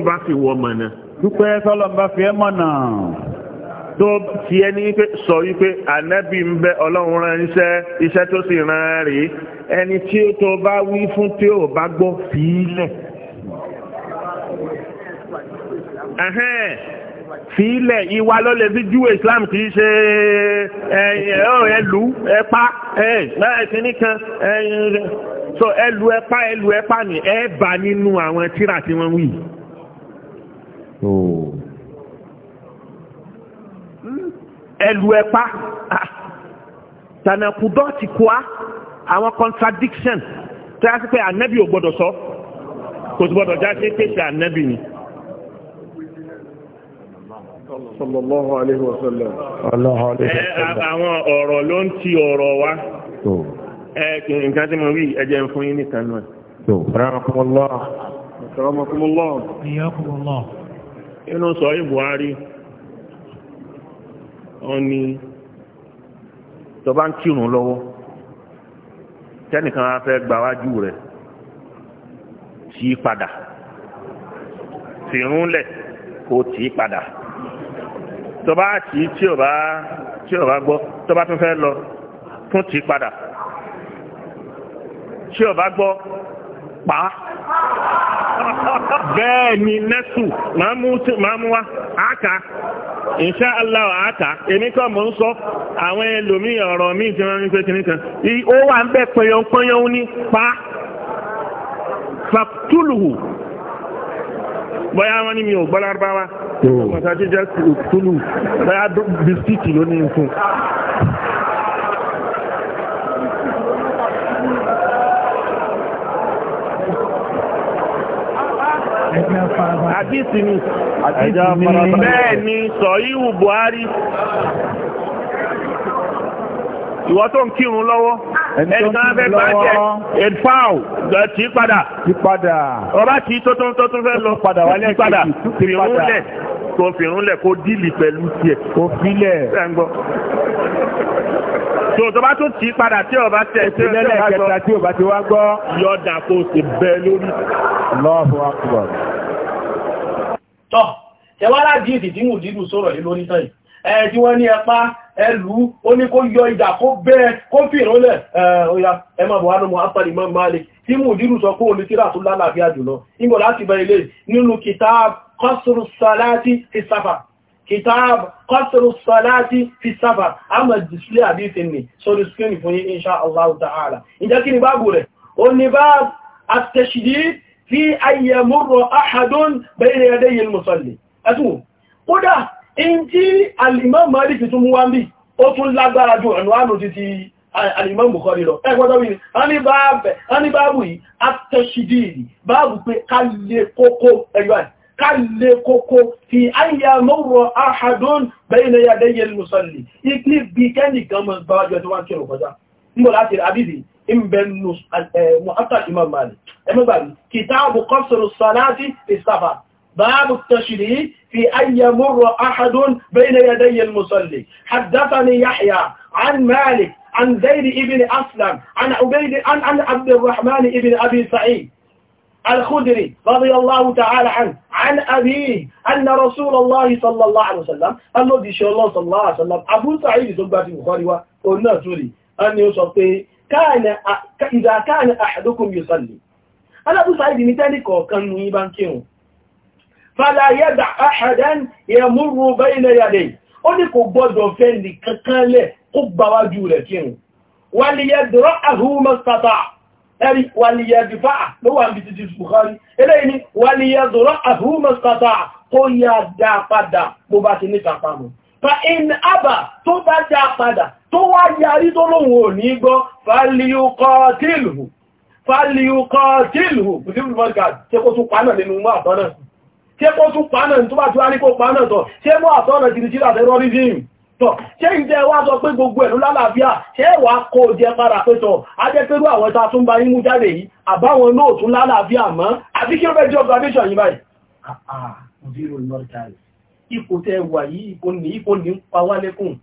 [SPEAKER 3] tó ti ẹni wípé sọ wípé ànábì ń bẹ ọlọ́run rán iṣẹ́ iṣẹ́ tó sì rán rèé ẹni tí ó tó bá wí fún tí ò bá gbọ́ fílẹ̀. fílẹ̀ ìwà ló lè fi júwe Islam kì í ṣe ẹlú ẹpá ẹ̀ẹ́sìn kan so ẹlú ẹpá ẹlú ẹpá ni ẹ bá nínú àwọn tírà tí wọ́n wí. Oh. ẹlù ẹ̀pá tànàkùdọ́ ti kọ́ á àwọn contradiction tí a ti pé ànábì ò gbọ́dọ̀ sọ kò sì gbọ́dọ̀ já sí pèsè ànábì ni. Sallallahu alayhi wa Àwọn ọ̀rọ̀ ló ń ti ọ̀rọ̀ wá. Nǹkan tí mo rí ẹjẹ́ fún yín nìkan náà. Rárá kúmọ́lá. Inú sọ ìbùhárí wọn ní tó bá ń kírun lọ́wọ́ tẹ́nìkan á fẹ́ gbáwájú rẹ̀ tí í padà fìrún lẹ̀ kó tí í padà tó bá tí tí ò bá tí ò bá gbọ́ tó tún fẹ́ lọ tún tí padà tí ò bá gbọ́ pa bẹ́ẹ̀ ni nẹ́sù máa mú wá àáká insha Allah àáká èmi kọ́ mọ̀ ń sọ àwọn ẹlòmíì ọ̀rọ̀ míì tí wọ́n ń pè kìíní kan ó wà ń bẹ̀ pẹ̀yọ̀pẹ̀yọ̀ ní pa fàtúlùhù bọ́yá wọ́n ní mi ò gbọ́ lárúbáwá hmm. mọ̀tàjú jẹ́ tùlù bọ́yá bisikì ló ní fún àdísì ni bẹ́ẹ̀ ni sọ̀yíwù Buhari ìwọ tó ń kírun lọ́wọ́ ẹnìkan fẹ́ bá jẹ ẹ̀fáù tí padà ọba tí tótó tótó fẹ́ lọ padà wálé padà fìrúnlẹ̀ kò fìrúnlẹ̀ kò díìlì pẹ̀lú tiẹ̀ kò filẹ̀ tó bá tún tí padà tí ọba tẹ̀ tí ó tẹ̀ wá gbọ́ yọ̀dà kó o sì bẹ lórí. Allahu Akbar
[SPEAKER 5] tọ́ tẹwàrá díìtì tí mù dìdù sọ̀rọ̀ lé lórí tán ẹ̀ tí wọ́n ní ẹpá ẹlú ó ní kó yọ ìdà kó bẹ́ẹ̀ kó fi ìrọ́lẹ̀ ọ̀yà ẹmà buhari mu apari ma máa lè tí mù dìdù sọ kó olùtíra tó lálàáfíà jùlọ nígbò láti bẹ ilé nínú kìtàb kọ́sùrù sàláti fi sáfà kìtàb kọ́sùrù sàláti fi sáfà a mọ̀ display àdífẹ́ ni sórí screen fún yí inṣá Allah ta'ala ìjẹ́ kí ni báàbù rẹ̀ ó ní báàbù àtẹ̀ṣìdí fi ayyamurro ahadun bẹ̀rẹ̀ yadayil ilmusalli ẹ̀tù kódà in tí alìmọ́m Malik tún mú wá ń bí ó tún lágbára ju ẹ̀nùwánù ti ti alìmọ́m Bukhari lọ ẹgbọ́dọ̀wìn ní báàbù yìí atẹ́ṣìdìrì báàbù pé ká lè kókó ẹ̀yọ́ kalle koko fi ayya mọ́rọ̀ ahadun bẹ́yìnà yàdẹ́yẹ musalli ikú bí kẹ́nìkan mọ̀ ìbẹ̀lú mu'atta imam malik ẹmẹ́gbàrí kìtàbù kọsùrù sọ́láti ìsáfà باب التشريع في أن يمر أحد بين يدي المصلي حدثني يحيى عن مالك عن زيد ابن أسلم عن عبيد عن, عن عبد الرحمن ابن أبي سعيد الخدري رضي الله تعالى عنه عن أبيه أن رسول الله صلى الله عليه وسلم قال له دي الله صلى الله عليه وسلم أبو سعيد سبحانه البخاري وقلنا سوري أن يصفي ìdá káàni àṣàdókùn yóò sọ́lẹ̀. alábùsáìdì ní tẹ́lì kọ̀ọ̀kan ní ibá ń kírùn fàdà yẹ́dà àṣàdán yẹmúrú bẹ́ẹ̀lẹ̀ yàdẹ̀ ó ní kò gbọ́dọ̀ fẹ́ ní kankanlẹ̀ kó gbáwájú rẹ̀ kírùn wàlìyàdìrọ́ àhúmọ́sàtà ẹ̀rí wàlìyàdìfà ló wà ní títí Bukhari fa in abà tó bá já padà tó wá yarí tó lóhun ò ní gbọ́ fàlíukọ́tílù fàlíukọ́tílù ṣe kó tún pàánà tó bá tí wá ní kó pàánà tọ̀ ṣe mọ́ àtọ́nà ti di sílà terrorism tọ̀ ṣe ń jẹ́ wá sọ pé gbogbo ẹ̀lú lálàáfíà ṣe wà kó jẹ para pé tọ̀ ajẹ́pẹ́rú àwọn ta tún bá yín mú jáde yìí àbáwọn náà tún lálàáfíà mọ́ àti kí ó fẹ́ jẹ́ observation yìí báyìí ah, ah, ipò tẹ́ wà yìí ipò ní ipò ní ń pa wá lẹ́kùn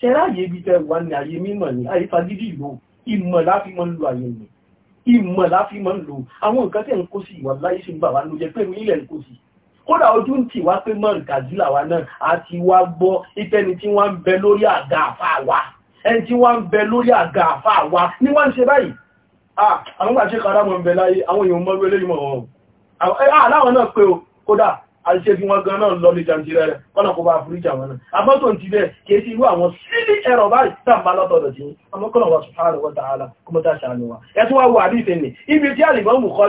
[SPEAKER 5] ṣe ráàyè ibi tẹ́ wà ní àyè mímọ̀ ní àyè fagídí ìlú ìmọ̀ láfi mọ́ ń lo àyè nì ìmọ̀ láfi mọ́ ń lo àwọn nǹkan tẹ́ ń kó sí ìwà láyé sí ń bà ló jẹ́ pé ilẹ̀ ń kó sí kódà ojú ń wá pé mọ́ọ̀rì gàdúlà wa náà àti wá gbọ́ ìtẹni tí wọ́n ń bẹ lórí àga àfa wa ẹni tí wọ́n ń bẹ lórí àga àfa wa ni wọ́n ń ṣe báyìí àwọn àṣekàrà mọ̀ ń bẹ láyé àwọn èèyàn mọ́ wẹ́lẹ́ ìmọ̀ wọn aláwọn náà pé kódà àṣẹ́bí wọn gan náà lọ ní jàǹtìrẹ́ rẹ̀ kọ́nà kó bá àforíjà wọn náà àmọ́tò ti bẹ́ẹ̀ kìí sí irú àwọn sílí ẹ̀rọ báyìí tàbá lọ́tọ̀ọ̀dọ̀ tí ọmọkọ́nà wa subhanahu wa ta'ala kó mọ́ta ṣàánú wa ẹ̀tún wá wà ní ìfẹ́ni ibi tí àlìmọ́ mú kọ́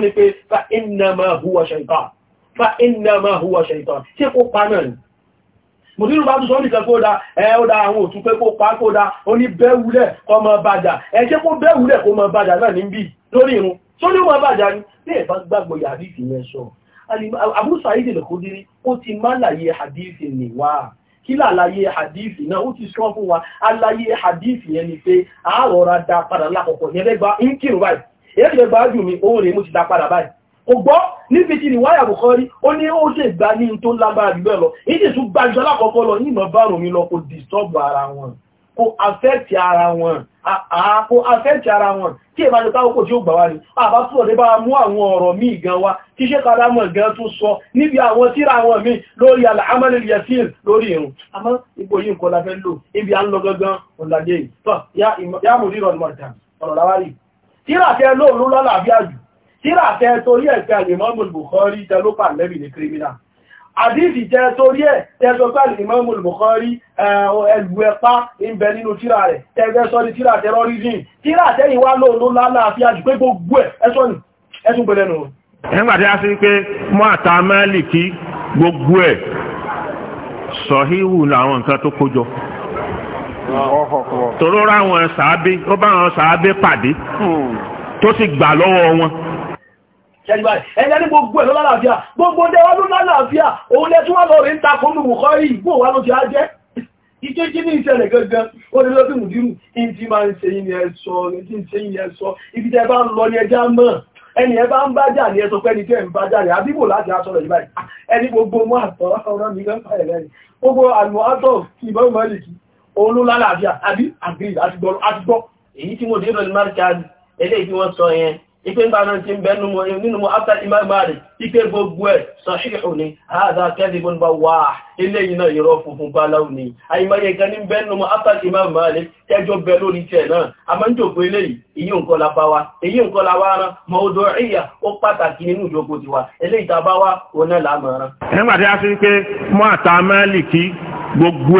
[SPEAKER 5] ní parí fa innama huwa shaytan fa innama huwa shaytan ṣé kó pa náà ni mùsùlùmí bá tún sọ nìkan kó dá ẹ ó dá àwọn òtún pé kó pa kó dá ó ní bẹ́wulẹ̀ kó má kó bẹ́wulẹ̀ kó má bàjà náà níbí lórí irun tó ní wọn bàjá ní bí ẹ̀ bá gbàgbọ́ yàrífì yẹn sọ Abu Sa'id al-Khudri ó ti má láyé hadithi ni wá kí làlàyé hadithi náà ó ti sọ fún wa àlàyé hadithi yẹn ni pé àárọ̀ ra dá padà lákọ̀ọ́kọ́ yẹn lẹ́gbàá ń kírun báyìí èyí ti lẹ́gbàá jù mí òun ni wáyà bùkọ́rí ó ní ó ṣe gbá ní tó lágbára jù bẹ́ẹ̀ lọ ìdí tún gbájọ́ lákọ̀ọ́kọ́ lọ yìnbọn bá rùn disturb ara wọn kò affect ara wọn àpò afẹ́kì ara wọn tí èbá jẹ́ káwọ́kò tí ó gbà wá ní àbá tó ọ̀dẹ́ bá mú àwọn ọ̀rọ̀ míì gan wá tí ṣe kára mọ̀ gan tó sọ níbi àwọn tíra àwọn míì lórí al-amalil yasir lórí irun àmọ́ ipò yìí nǹkan láfẹ́ lò ibi à ń lọ gangan ọ̀làdé yìí tọ́ yá mú rírọ̀ mọ̀tà ọ̀rọ̀ láwárí tíra fẹ́ lóòrùn lọ́lá àbíájù tíra fẹ́ torí ẹ̀fẹ́ àlèmọ́ Bukhari tẹ́lópà lẹ́bì ní kírímínà àdíìsì jẹ́ torí ẹ̀ tẹ́sọ pẹ̀lú Imam Bukhari ẹ̀lú ẹ̀pá ìbẹ̀ nínú tíra rẹ̀ tẹ́gbẹ́ sọ ní tíra terrorism tíra tẹ́yìn wá lóòrùn ló lálàáfíà jù pé gbogbo ẹ̀ ẹ̀sọ́ ni ẹ̀sùn pẹ̀lẹ̀ nù.
[SPEAKER 3] nígbàtí a sí pé mọ́ àta mẹ́lì kí gbogbo ẹ̀
[SPEAKER 5] ṣẹgbà ẹgbẹ́ ní gbogbo ẹ̀lọ́ lálàáfíà gbogbo dẹwà ló lálàáfíà òun lẹ́tún wà lọ rí ń takò ní bùkọ́rí ìgbò wà ló ti á jẹ́ ìjẹ́ kí ní ìṣẹ̀lẹ̀ gangan ó lè lọ́bí mùdírù in ti máa ń ṣe yìí ẹ̀ṣọ́ ní ti ń ṣe yìí ẹ̀ṣọ́ ibi tẹ́ bá ń lọ ní ẹjá mọ́ ẹni ẹ bá ń bá jà ní ẹsọ pé ẹni tẹ́ ń bá jà rẹ̀ àdíbò láti aṣọ́rọ̀ yìí báyìí ẹni gbogbo mú àtọ́ ọ̀rọ̀ mi gan fàyẹ̀ lẹ́yìn gbogbo àbí àgbèrè àti èyí tí mo dé lọ ní márkàdì eléyìí tí sọ yẹn ipe ń bára ti ń bẹ nínú mọ́ after imam malik ipe gbogbo ẹ̀ sọ̀ṣíhù ni àádá kẹ́lìbọn bá wà eléyìí náà irọ́ funfun báláwù ni àìmáyé kan ní bẹ nínú mọ́ after imam malik tẹ́jọ bẹ lórí tẹ̀ náà a máa ń jòkó eléyìí èyí nǹkan la bá wa la wá rán mọ́ odò ìyà ó pàtàkì nínú ìjókò ti wa eléyìí ta bá wa òun náà láàmà rán.
[SPEAKER 3] nígbà tí a fi pé mọ́ àtà málìkì gbogbo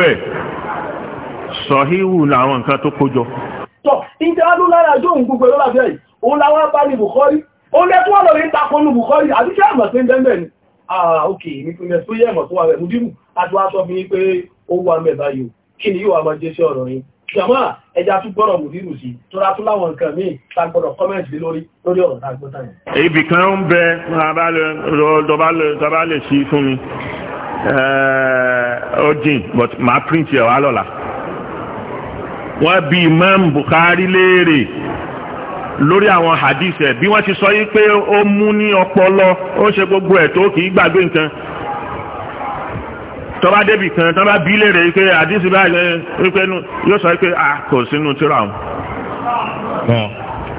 [SPEAKER 5] ẹ̀ òun láwọn bá ní Bukhari ó lẹ́tún wà lórí ìtakò ní Bukhari àdíṣẹ́ àmọ̀ sí ìdẹ́mẹ̀ ni àà òkè ní pínlẹ̀ tó yẹ́ ẹ̀mọ̀ tó wà rẹ̀ mú dínú àti wá sọ fún pé ó wà mẹ́bà yìí kí ni yóò wà máa jẹ́ sí ọ̀rọ̀ yìí jàmá ẹja tún gbọ́rọ̀ mú dínú sí tó rá tún láwọn nǹkan míì tágbọ́dọ̀ kọ́mẹ́ǹtì lé lórí lórí ọ̀rọ̀ tágbọ́tà yìí.
[SPEAKER 3] ibì kan ń bẹ tọ́ba lè sí fún mi ó jìn but màá print ẹ̀ wá lọ́la wọ́n bí Imam Bukhari léèrè lórí àwọn hadith ẹ̀ bí wọ́n ti sọ yí pé ó mú ní ọpọlọ ó ṣe gbogbo ẹ̀ tó kì í gbàgbé nǹkan tọ́ba débì kan tọ́ba bí léèrè yí pé hadith báyìí wípé yóò sọ pé a ah, kò sínú tíra wọn.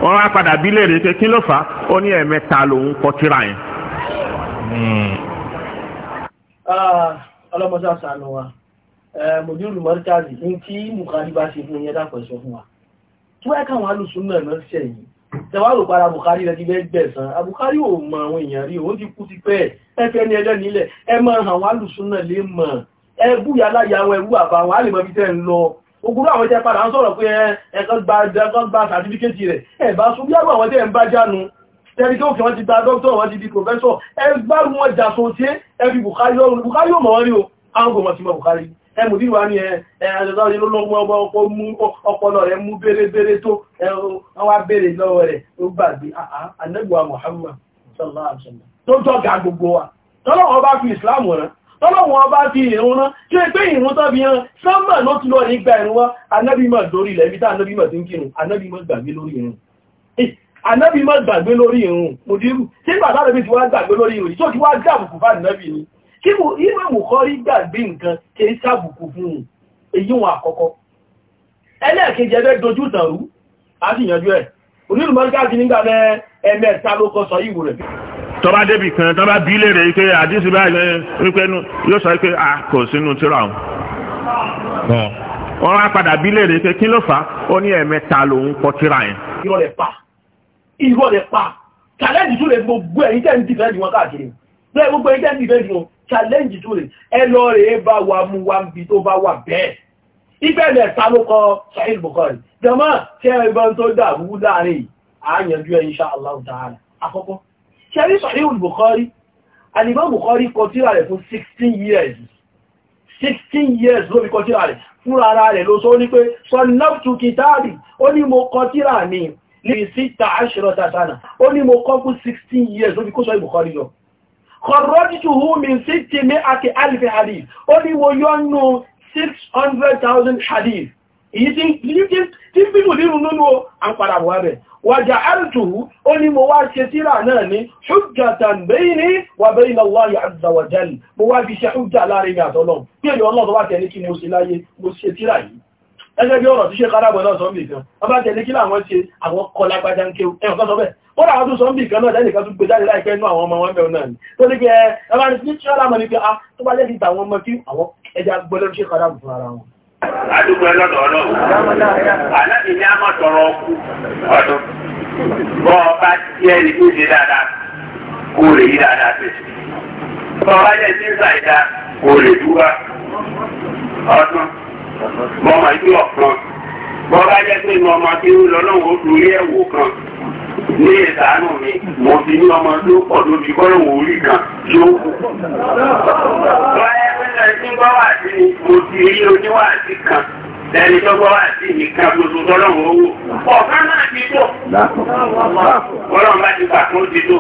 [SPEAKER 3] wọ́n wá padà bí léèrè pé kí ló fà ó ní ẹ̀ẹ̀mẹ́ta lòun kọ tíra yẹn.
[SPEAKER 2] Hmm.
[SPEAKER 5] Ah, ọlọ́mọdé àṣà nù wa mòdúrú eh, mọ́ríkàzì ní tí mùkàlí bá ṣe fún yẹn dàpọ̀ sọ fún wa wáyé káwọn alùsùn náà náà ṣẹ̀ yìí tẹwàá rò para Bukhari rẹ̀ ti bẹ́ gbẹ̀sán Bukhari ò mọ àwọn èèyàn rí òun ti kú ti pẹ́ ẹfẹ́ ní ẹjọ́ nílẹ̀ ẹ mọ àwọn alùsùn náà lè mọ̀ ẹbú yàláyà àwọn ẹbú àbá àwọn alèmọ́ bí tẹ́ ń lọ ogúnrú àwọn tẹ́ padà ń sọ̀rọ̀ pé ẹ̀kan gba sàtífíkẹ́tì rẹ̀ ẹ̀ bá sún bí àwọn àwọn tẹ́ ń bá jánu tẹ́rí tó kí ẹmùdí wà ní ẹ̀ẹ́dọ̀dọ́rin lọ́gbọ́gbọ́ ọpọlọ rẹ̀ mú bérebére tó wá bèèrè lọ́wọ́ rẹ̀ ó gbàgbé ah, ah, ànẹ́gbà Muhammad sallallahu alaihi wasallam tó jọ́gà gbogbo wa tọ́lọ́wọ́ bá fi ìsìláàmù rán ìrún rán kí pé ìrún tó fi hàn sánmà ló ti lọ nígbà ìrún wá anábìmọ̀ lórí ilẹ̀ anábìmọ̀ ti ń kírun anábìmọ̀ gbàgbé lórí ìrún eh, ìrún mùdírù tí bàbá rẹ̀ ti wá gbàgbé lórí ìrún tí ó ti wá gbàbùkù ìwé ìwòkọ́rí gbàgbé nǹkan kìí ṣàbùkù fún un èyí wọn àkọ́kọ́ ẹlẹ́ẹ̀kejì ẹgbẹ́ dojú tàrú àti ìyànjú ẹ̀ onílùmọ́ríkà ti nígbà mẹ́ẹ̀ta ló kọ́ sọ ìwò rẹ̀
[SPEAKER 3] tọba débì kan tọba bí lèrè ike àdísí báyìí wípé yóò sọ pé a ah, kò sínú tíra òun wọ́n wá padà bí lèrè ike kí ló fà ó ní ẹ̀mẹ́ta
[SPEAKER 5] lòun tó ẹ gbogbo ẹjẹ́ ìbẹ́ ìrìn challenge tó rẹ̀ ẹ lọ rẹ̀ bá wa mú wa bí tó bá wà bẹ́ẹ̀ ìbẹ̀lẹ̀ ta ló kọ Sahih Bukhari jọmọ́ tí ẹ bá ń tó dà wú láàrin àyànjú ẹ insha Allah ta'ala àkọ́kọ́ ṣe rí Sahih Bukhari Al-Imam Bukhari kọ tírà rẹ̀ fún 16 years 16 years ló fi kọ tírà rẹ̀ fún ara rẹ̀ ló sọ ní pé sọ̀nàfù kìtàbì ó ní mo kọ tírà mi ní sí tààṣìrọ̀ tàtàna ó ní mo kọ́ fún 16 years ló fi kó sọ Bukhari lọ kọ̀rọ̀dìtùhù min síkì ní àti alìfẹ́ hadith ó ní wo yọ́nù 600,000 hadith èyí tí bínú nínú nínú àpàdàbọ̀ rẹ̀ wàjà àrùtùhù ó ní mo wá ṣe síra náà ní ṣùgbàtàn bẹ́yìn ní wà bẹ́yìn Allahi azza wa jal mo wá fi ṣe ṣùgbà láàrin àtọ́lọ́m bí èyí ọlọ́dọ̀ wá ó rà ọdún sọ́nbì kan náà lẹ́nìkan tó gbé jáde láìpẹ́ inú àwọn ọmọ wọn bẹ̀rẹ̀ náà ni tó ní pé ẹbá ní sí ṣọ́lá mọ̀ ní pé a tó bá lẹ́sí ìtàwọn ọmọ kí àwọn ẹja gbọ́lẹ́rú ṣe kọ́dá fún ara wọn.
[SPEAKER 3] àdúgbò ẹlọ́dọ̀ ọlọ́run aláàbí ní a máa tọrọ ọkú ọdún bọ́ ọba tí ẹni tó ṣe dáadáa kó lè yí dáadáa pé bọ́ ọba yẹn ti ń ṣàìdá kó lè ọmọ ọmọ tí ń lọ lọ́wọ́ ní ìdánù mi mo ti ní ọmọ tó pọ̀ lóbi gbọ́rọ̀ wò orí kan
[SPEAKER 2] tí ó kù. báyẹ̀
[SPEAKER 3] pínlẹ̀ tí gbọ́ wà sí ni mo ti rí oníwàásí kan ẹni tó gbọ́ wà sí nìkan gbogbo gbọ́rọ̀ wò owó. ọ̀kan
[SPEAKER 2] náà ti tó.
[SPEAKER 5] ọlọ́run bá ti gbà kó ti tó.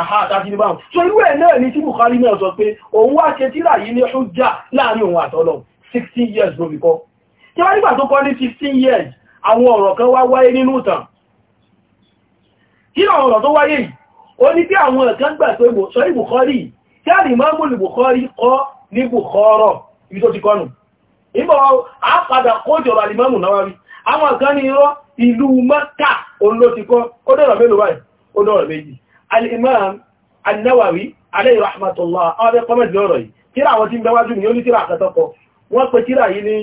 [SPEAKER 5] Àhá àtàkìrí So irú ẹ̀ náà ni tí Bukhari náà sọ pé òun wá ṣe tíra yìí ní ṣújà láàrin òun àtọ́lọ̀ 16 years ló fi kọ́. Tí wọ́n nígbà tó kọ́ ní 15 years, àwọn ọ̀rọ̀ kan wá wáyé nínú ìtàn kí àwọn ọ̀rọ̀ tó wáyé yìí ó ní pé àwọn ẹ̀kan gbà pé sọ́rí Bukhari tí a lè máa mú lè Bukhari kọ́ ní Bukhara ibi tó ti kọ́nù ìbọ̀ àpàdà kójọrọ̀ alìmọ́mù Nawawi àwọn ẹ̀kan ní irọ́ ìlú Mẹ́kà òun ló ti kọ́ ó dọ̀rọ̀ mélòó báyìí ó dọ̀rọ̀ méjì al-Imam an-Nawawi alayhi rahmatullah àwọn abẹ́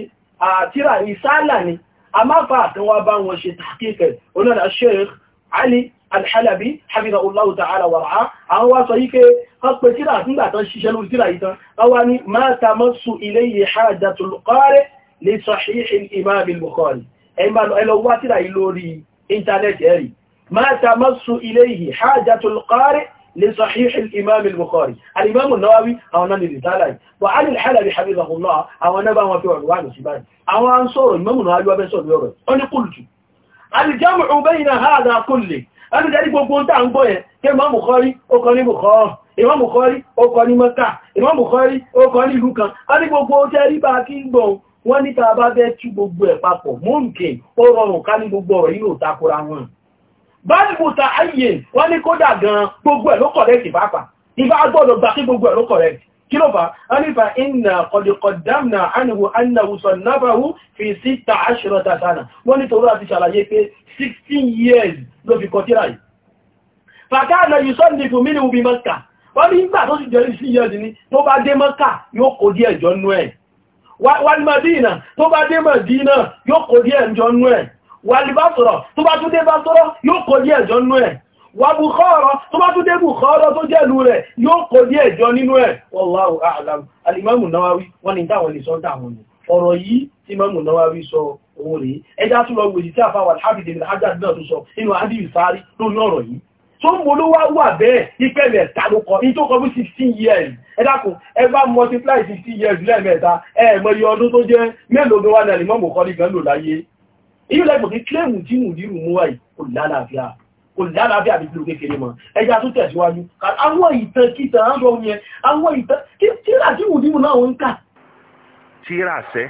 [SPEAKER 5] ni a máa fa àtúnwá bá wọn ṣe tàkíkẹ̀ onára Sheikh Ali alhalabi hafizahullahu ta'ala wàrá àwọn wá sọ yíké ọpẹ tíra nígbà tán ṣiṣẹ́ lórí tíra ìtàn ọwá ní ma tamassu ilayhi hajjatul qari li sahih imam al-bukhari ẹlọ wá tíra lórí íntánẹ́tì ẹ̀rí ma tamassu ilayhi hajjatul qari li sahih imam al-bukhari al-imam an-nawawi àwọn náà lè tààlà wa an al-halabi hafizahullah àwọn náà bá wọn fi ọ̀rọ̀wà lọ sí báyìí àwọn sọ̀rọ̀ imam an-nawawi wá bẹ́ sọ̀rọ̀ yọrọ̀ ọ ní qultu al-jam'u bayna hadha láti jẹ́ ní gbogbo ń tàà ń gbọ́ yẹn kí Imam Bukhari ó kọ ní Bukhari Imam Bukhari ó kọ ní Mẹ́kà Imam Bukhari ó kọ ní ìlú kan a ní gbogbo ó tẹ́ rí bá kí ń gbọ̀n wọ́n ní ta bá bẹ́ tú gbogbo ẹ̀ papọ̀ mọ́ǹkè ó rọrùn ká ní gbogbo ọ̀rọ̀ yìí ò takora wọn báyìí mo ta ayé wọ́n ní kódà gan gbogbo ẹ̀ ló kọ̀rẹ́kì pàápàá ìbá gbọ́dọ̀ gbà kí gbogbo ẹ̀ ló kí ló bá a nípa iná kọ̀dìkọ̀dámnà ánìwò annáwò sọ̀nàbáwò fi síta aṣírọta sánà wọ́n ní tòrò àti ṣàlàyé pé 16 years ló fi kọtíra yìí fàkánà yìí sọ́ndì fún mínú bí mọ́kà wọ́n ní gbà tó sì jẹ́ 16 years ní tó bá dé mọ́kà yóò kó díẹ̀ jọ nú ẹ̀ wà Bukhara tó bá tún dé Bukhara tó jẹ́lú rẹ̀ yóò kó díẹ̀ jọ nínú ẹ̀ wallahu a'lam alimamu Nawawi wọ́n ni dáwọn lè sọ dáwọn ni ọ̀rọ̀ yìí tí imamu Nawawi sọ òun rèé ẹjá tún lọ wèjì tí àfáwà alhábìdè ní hajjad náà sọ nínú years ẹ dákun ẹ bá multiply 16 years lẹ́ẹ̀mẹ́ta ẹ̀ẹ̀mọ̀yẹ ọdún tó jẹ́ mélòó ló wà ní alimọ́mù kọ́ ní gan lò láyé ilẹ̀ kò sí kílẹ̀mù kò lálàábí àbíkúrò kékeré mọ̀ ẹja tó tẹ̀síwájú àwọn ìtàn kìtàn á sọ yẹn àwọn ìtàn tíra tí wù nímú náà ń kà
[SPEAKER 3] tíra sẹ́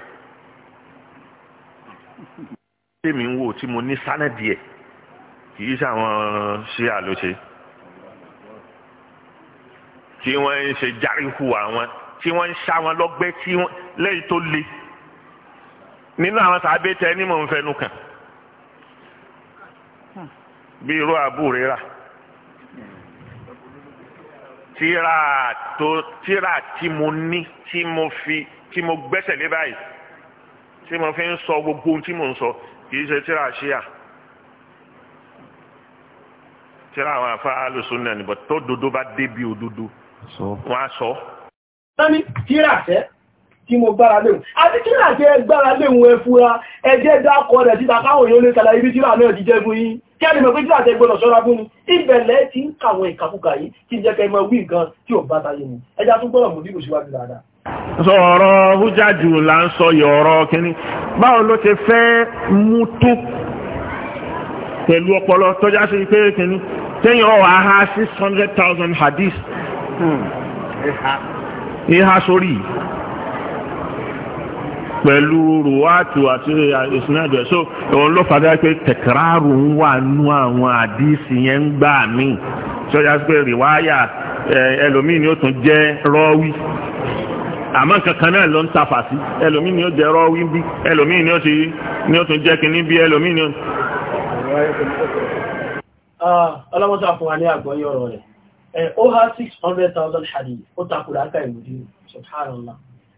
[SPEAKER 3] tèmi ń wò tí mo ní sánẹ́dì ẹ̀ kì í ṣàwọn ṣé àlóṣe tí wọ́n ń ṣe járíhù àwọn tí wọ́n ń ṣá wọn lọ́gbẹ́ tí lẹ́yìn tó le nínú àwọn tàbí tẹ ní mò ń fẹnu kàn bí irú àbúrè rà tíra tó tíra tí mo ní tí mo fi tí mo gbẹ́sẹ̀ lé báyìí tí mo fi ń sọ gbogbo ohun tí mo ń sọ kìí ṣe tíra ṣíà tíra àwọn afa alùsùn náà nìbọn tó dodo bá débi òdodo wọn
[SPEAKER 5] á sọ. sani tíra fẹ́ tí mo gbára léhùn àti kí náà jẹ́ gbára léhùn ẹfúra ẹjẹ́ dákọ̀ rẹ̀ síta káwọn èèyàn lè kàlà ibi tíra náà jíjẹ́ fún yín kí mọ̀ pé tíra jẹ́ gbọ́dọ̀ ṣọ́ra fún ni ìbẹ̀lẹ̀ tí ń kàwọn ìkàkùkà yìí kí jẹ́ kẹ́ mọ wí nǹkan tí ò bá tayé ni ẹjá tún gbọ́dọ̀ mú dìbò síwájú dáadáa
[SPEAKER 3] sọ ọ̀rọ̀ hújájú là ń sọ yọ ọ̀rọ̀ kínní báwo ló ti fẹ́ mú tó pẹ̀lú ọpọlọ tó já sí pé kínní tẹ́yìn ọ̀ àhá six hundred thousand hadith hmm, ìhà sórí yìí pẹ̀lú ruwaatu àti ìsinadu ẹ̀ so òun ló fàdá pé tẹ̀kárù ń wà nú àwọn àdìsí yẹn ń gbà mí sọjá pé rìwáyà ẹlòmíì ni ó tún jẹ́ rọ́wí àmọ́ kankan náà ló ń ta fàṣí ẹlòmíì ni ó jẹ́ rọ́wí bí ẹlòmíì ni ó ti ni ó tún jẹ́ kínní bí ẹlòmíì ni ó.
[SPEAKER 5] Ah, ọlọ́mọ́tò àfọwà ní àgbọ̀nyọ̀rọ̀ rẹ̀ ó há six hundred thousand hadith ó takùrọ̀ àkà ìwòdì subhanallah.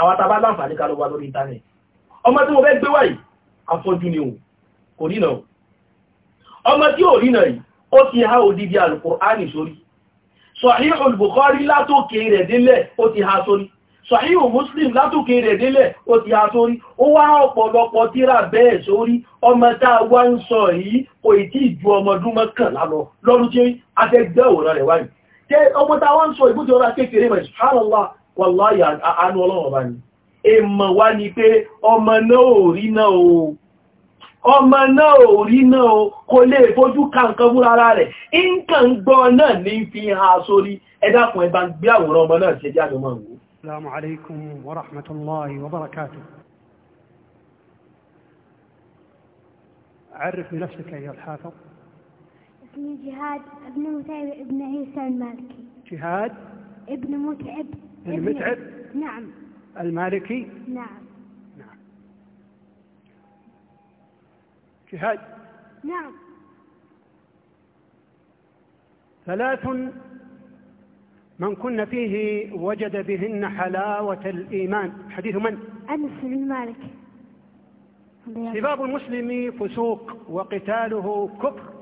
[SPEAKER 5] àwọn tàbá láǹfààní ká ló wà lórí internet ọmọ tí mo fẹ́ gbé wáyìí afọ́jú ni o kò rína o ọmọ tí ò rína yìí ó ti há odidi alukur'ani sórí Sahihul Bukhari látòkè rẹ̀ délẹ̀ ó ti há sórí Sahihu Muslim látòkè rẹ̀ délẹ̀ ó ti há sórí ó wá ọ̀pọ̀lọpọ̀ tíra bẹ́ẹ̀ sórí ọmọ tá a wá ń sọ yìí kò ì tí ju ọmọdún mọ́kànlá lọ lọ́dún tí a fẹ́ gbẹ́ òwòrán rẹ̀ wáyìí wàláyà anú ọlọ́wọ̀n bá ní èmọ̀ wá ní pé ọmọ náà ò rí náà o ọmọ náà ò rí náà o kò lè fojú kankan fún ara rẹ̀ nǹkan gbọ́ náà ní fi ha sórí ẹ̀dàkùn ẹ̀bá gbé àwòrán ọmọ náà ṣe jáde mọ́
[SPEAKER 1] ìwò عرف بنفسك أيها الحافظ
[SPEAKER 6] جهاد ابن متعب ابن عيسى المالكي جهاد ابن متعب المتعب نعم
[SPEAKER 1] المالكي
[SPEAKER 6] نعم نعم
[SPEAKER 1] جهاد نعم ثلاث من كن فيه وجد بهن حلاوة الإيمان حديث من؟ أنس بن مالك سباب المسلم فسوق وقتاله كفر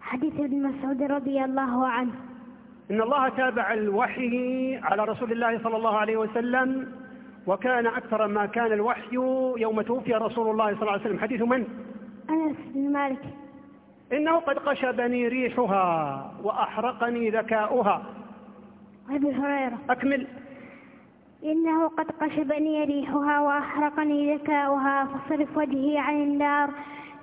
[SPEAKER 1] حديث ابن مسعود رضي الله عنه إن الله تابع الوحي على رسول الله صلى الله عليه وسلم وكان أكثر ما كان الوحي يوم توفي رسول الله صلى الله عليه وسلم حديث من؟ أنس بن مالك إنه قد قشبني ريحها وأحرقني ذكاؤها أبي هريرة أكمل
[SPEAKER 6] إنه قد قشبني ريحها وأحرقني ذكاؤها فصرف وجهي عن النار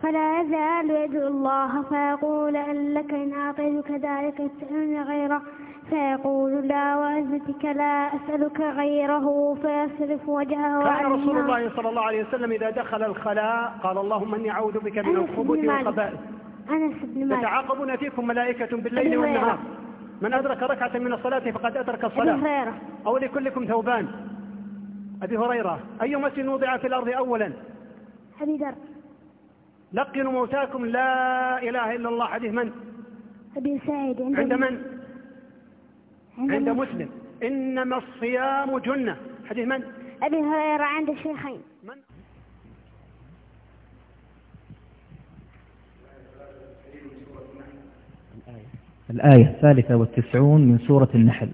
[SPEAKER 6] فلا يزال يدعو الله فيقول أن لك إن أعطيتك ذلك تسألني غيره فيقول لا وعزتك لا أسألك غيره فيصرف وجهه كان رسول الله
[SPEAKER 1] صلى الله عليه وسلم إذا دخل الخلاء قال اللهم إني أعوذ بك من الخبث والقبائل أنس بن مالك تتعاقبون فيكم ملائكة بالليل والنهار من أدرك ركعة من الصلاة فقد أدرك الصلاة أبي هريرة أو لكلكم ثوبان أبي هريرة أي مسجد وضع في الأرض أولا أبي ذر لقنوا موتاكم لا إله إلا الله حديث من أبي سعيد عند, عند من عند, عند مسلم إنما الصيام جنة حديث من أبي هريرة عند الشيخين من
[SPEAKER 4] الآية الثالثة والتسعون من سورة النحل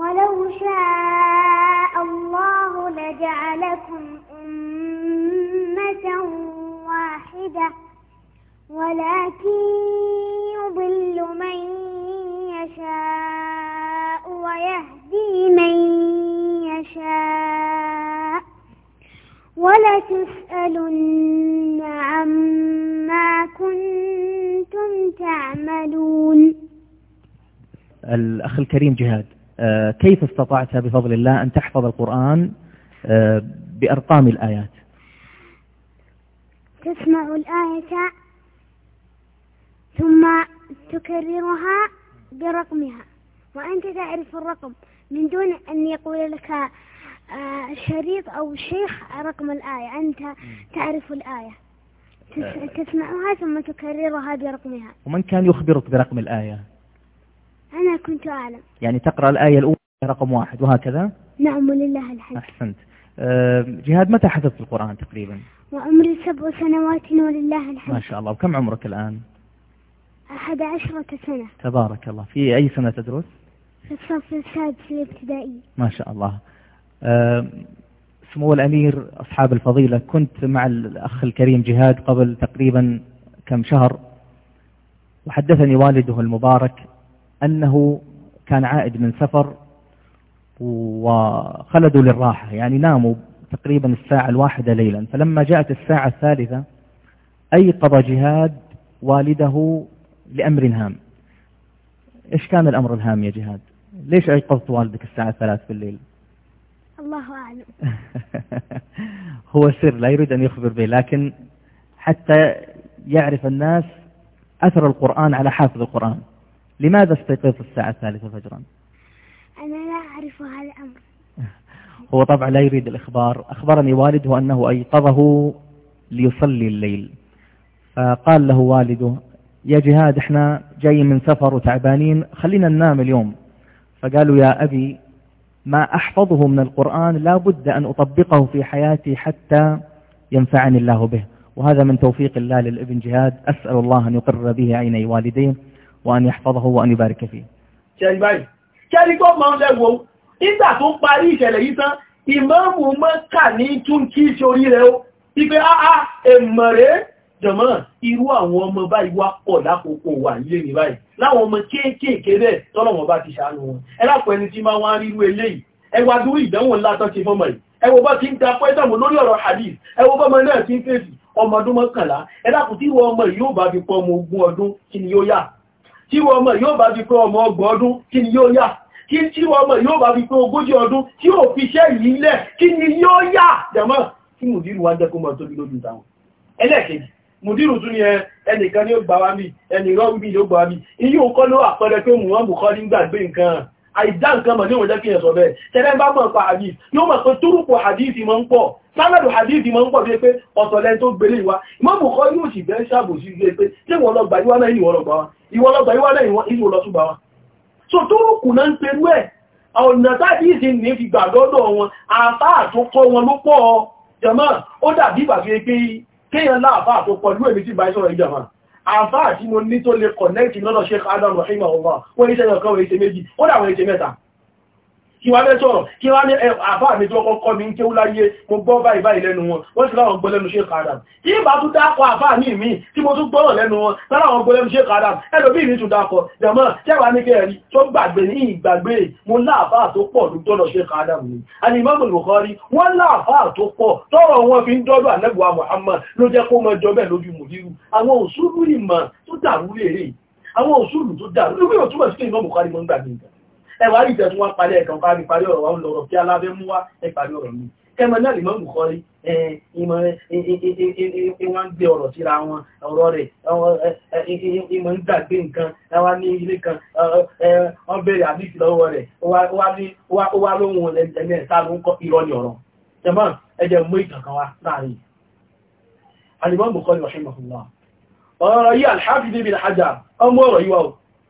[SPEAKER 6] ولو شاء الله لجعلكم أمة واحدة ولكن يضل من يشاء ويهدي من يشاء ولتسألن عما كنتم تعملون
[SPEAKER 4] الأخ الكريم جهاد آه، كيف استطعت بفضل الله أن تحفظ القرآن آه، بأرقام الآيات
[SPEAKER 6] تسمع الآية ثم تكررها برقمها وأنت تعرف الرقم من دون أن يقول لك آه، شريط أو شيخ رقم الآية أنت تعرف الآية تسمعها ثم تكررها برقمها
[SPEAKER 4] ومن كان يخبرك برقم الآية
[SPEAKER 6] أنا كنت أعلم
[SPEAKER 4] يعني تقرأ الآية الأولى رقم واحد وهكذا
[SPEAKER 6] نعم ولله الحمد
[SPEAKER 4] أحسنت أه جهاد متى حفظت القرآن تقريبا
[SPEAKER 6] وعمري سبع سنوات ولله الحمد
[SPEAKER 4] ما شاء الله وكم عمرك الآن
[SPEAKER 6] أحد عشرة سنة
[SPEAKER 4] تبارك الله في أي سنة تدرس
[SPEAKER 6] في الصف السادس الابتدائي
[SPEAKER 4] ما شاء الله أه سمو الأمير أصحاب الفضيلة كنت مع الأخ الكريم جهاد قبل تقريبا كم شهر وحدثني والده المبارك أنه كان عائد من سفر وخلدوا للراحة يعني ناموا تقريبا الساعة الواحدة ليلا فلما جاءت الساعة الثالثة أيقظ جهاد والده لأمر هام إيش كان الأمر الهام يا جهاد ليش أيقظت والدك الساعة الثلاث في الليل
[SPEAKER 6] الله أعلم
[SPEAKER 4] هو سر لا يريد أن يخبر به لكن حتى يعرف الناس أثر القرآن على حافظ القرآن لماذا استيقظت الساعة الثالثة فجرا
[SPEAKER 6] أنا لا أعرف هذا الأمر
[SPEAKER 4] هو طبعا لا يريد الإخبار أخبرني والده أنه أيقظه ليصلي الليل فقال له والده يا جهاد احنا جايين من سفر وتعبانين خلينا ننام اليوم فقالوا يا أبي ما أحفظه من القرآن لا بد أن أطبقه في حياتي حتى ينفعني الله به وهذا من توفيق الله للابن جهاد أسأل الله أن يقر به عيني والديه وأن يحفظه وأن يبارك فيه
[SPEAKER 5] kẹ́rí tó máa lẹ́wọ́ nígbà tó ń parí ìṣẹ̀lẹ̀ yìí tán ìmáàmù Mẹ́kà ní tún kí ṣe orí rẹ̀ ó ipé àá ẹ̀mọ̀ rẹ̀ jọmọ́ irú àwọn ọmọ báyìí wá pọ̀ lákòókò wà nílé ní báyìí láwọn ọmọ kéékèèké rẹ̀ tọ́lọ̀wọ̀n bá ti ṣàánú wọn ẹlápọ̀ ẹni tí máa wá rírú eléyìí ẹwà dúró ìdánwò ńlá tán ti fọ́mọ̀ yìí ẹwọ bá ti ń da pẹ́tàmù lórí ọ̀rọ̀ hadith ẹwọ bọ́mọ náà ti fèsì ọmọ mọ́kànlá ẹlápù tí wọ́n ọmọ yóò bá fi pọ́ ọmọ ogún ọdún kí ni yóò yà tí wọ́n ọmọ yóò bá di pé ọmọ ọgbọ̀n ọdún kí ni yóò yà kí tí wọ́n ọmọ yóò bá di pé ogójì ọdún tí ò fi iṣẹ́ yìí lẹ̀ kí ni yóò yà jẹ̀mọ́ kí mùdírù wá jẹ́ kó tóbi lójú ìtàwọn ẹlẹ́ẹ̀kejì mùdírù tún ni ẹnìkan ni ó gbà wá mi ẹnìkan ni ó gbà wá mi iye òkọ́ ló àpẹẹrẹ àìdá nǹkan mọ̀ ní òun jẹ́ kí ẹ̀sọ̀ bẹ́ẹ̀ tẹ́lẹ̀ bá mọ̀ pa hadith yóò mọ̀ pé túrùpù hadith mọ́ ń pọ̀ sánàdù hadith mọ́ ń pọ̀ bí pé ọ̀tọ̀lẹ́ tó gbélé wa Imamu kọ́ yóò sì bẹ́ ṣàbòsí gbé pé tí wọ́n lọ gbà ìwá náà ìwọ̀n lọ gbà wa ìwọ̀n lọ gbà ìwá náà ìwọ̀n lọ tún so túrùpù náà ń perú ẹ̀ ọ̀nà táàdì ìsì ní fi gbà lọ́dọ̀ wọn àfáà tó kọ́ wọn ló pọ̀ jàmáà ó dàbí ìgbà fi pé kéèyàn láàfáà tó pọ̀ lú èmi tí bá àfáà tí mo ní tó lè kọ̀nẹ́ẹ̀tì lọ́dọ̀ Sheikh Adam rahimahullah wọ́n ní sẹ́yìn ọ̀kan wọ́n ní ṣe méjì ó dà wọ́n ní ṣe mẹ́ta kí wá lẹ́ sọ̀rọ̀ kí wá ní àbá mi tó kọ́kọ́ mi ń kéwú láyé mo gbọ́ báyìí báyìí lẹ́nu wọn wọ́n sì láwọn gbọ́lẹ́nu ṣe kàádàm tí bá tún dákọ̀ àbá ní ìmí tí mo tún gbọ́rọ̀ lẹ́nu wọn láwọn gbọ́lẹ́nu ṣe kàádàm ẹlòmí mi tún dákọ̀ jẹ̀mọ́ tẹ́wà ní kẹrì tó gbàgbé ní ìgbàgbé mo láàbá tó pọ̀ ló tọ́lọ̀ ṣe kàádàm ni alimọ́mù lùkọ́rí wọ́n láàbá tó pọ̀ tọ́rọ̀ wọn fi ń dọ́dọ̀ ànẹ́gbà Muhammad ló jẹ́ kó mọ jọ bẹ́ẹ̀ lójú mùdírù àwọn òṣùlù ìmọ̀ tó dàrú lè rí mọ́ ẹwà rí ìtẹ̀tún wá parí ẹ̀kan parí parí ọ̀rọ̀ wa ń lọ̀rọ̀ kí alábẹ́ mú wá ẹ parí ọ̀rọ̀ mi kẹmọ náà lè mọ́mù kọrí ìmọ̀ ìwọ̀n gbé ọ̀rọ̀ síra wọn ọ̀rọ̀ rẹ̀ ìmọ̀ ń gbàgbé nǹkan wá ní ilé kan wọ́n bẹ̀rẹ̀ àbíkì lọ́wọ́ rẹ̀ wá lóhun ẹ̀mí ẹ̀ta ló ń kọ́ irọ́ ní ọ̀rọ̀ jẹmọ́ ẹjẹ mú ìtàn kan wá láàrin alimọ́ bukọ́lù ọ̀ṣẹ́ mọ̀fúnwá ọ̀rọ̀ yìí alhafi níbi ìlàjà ọmọ ọ̀rọ̀ yìí wà ó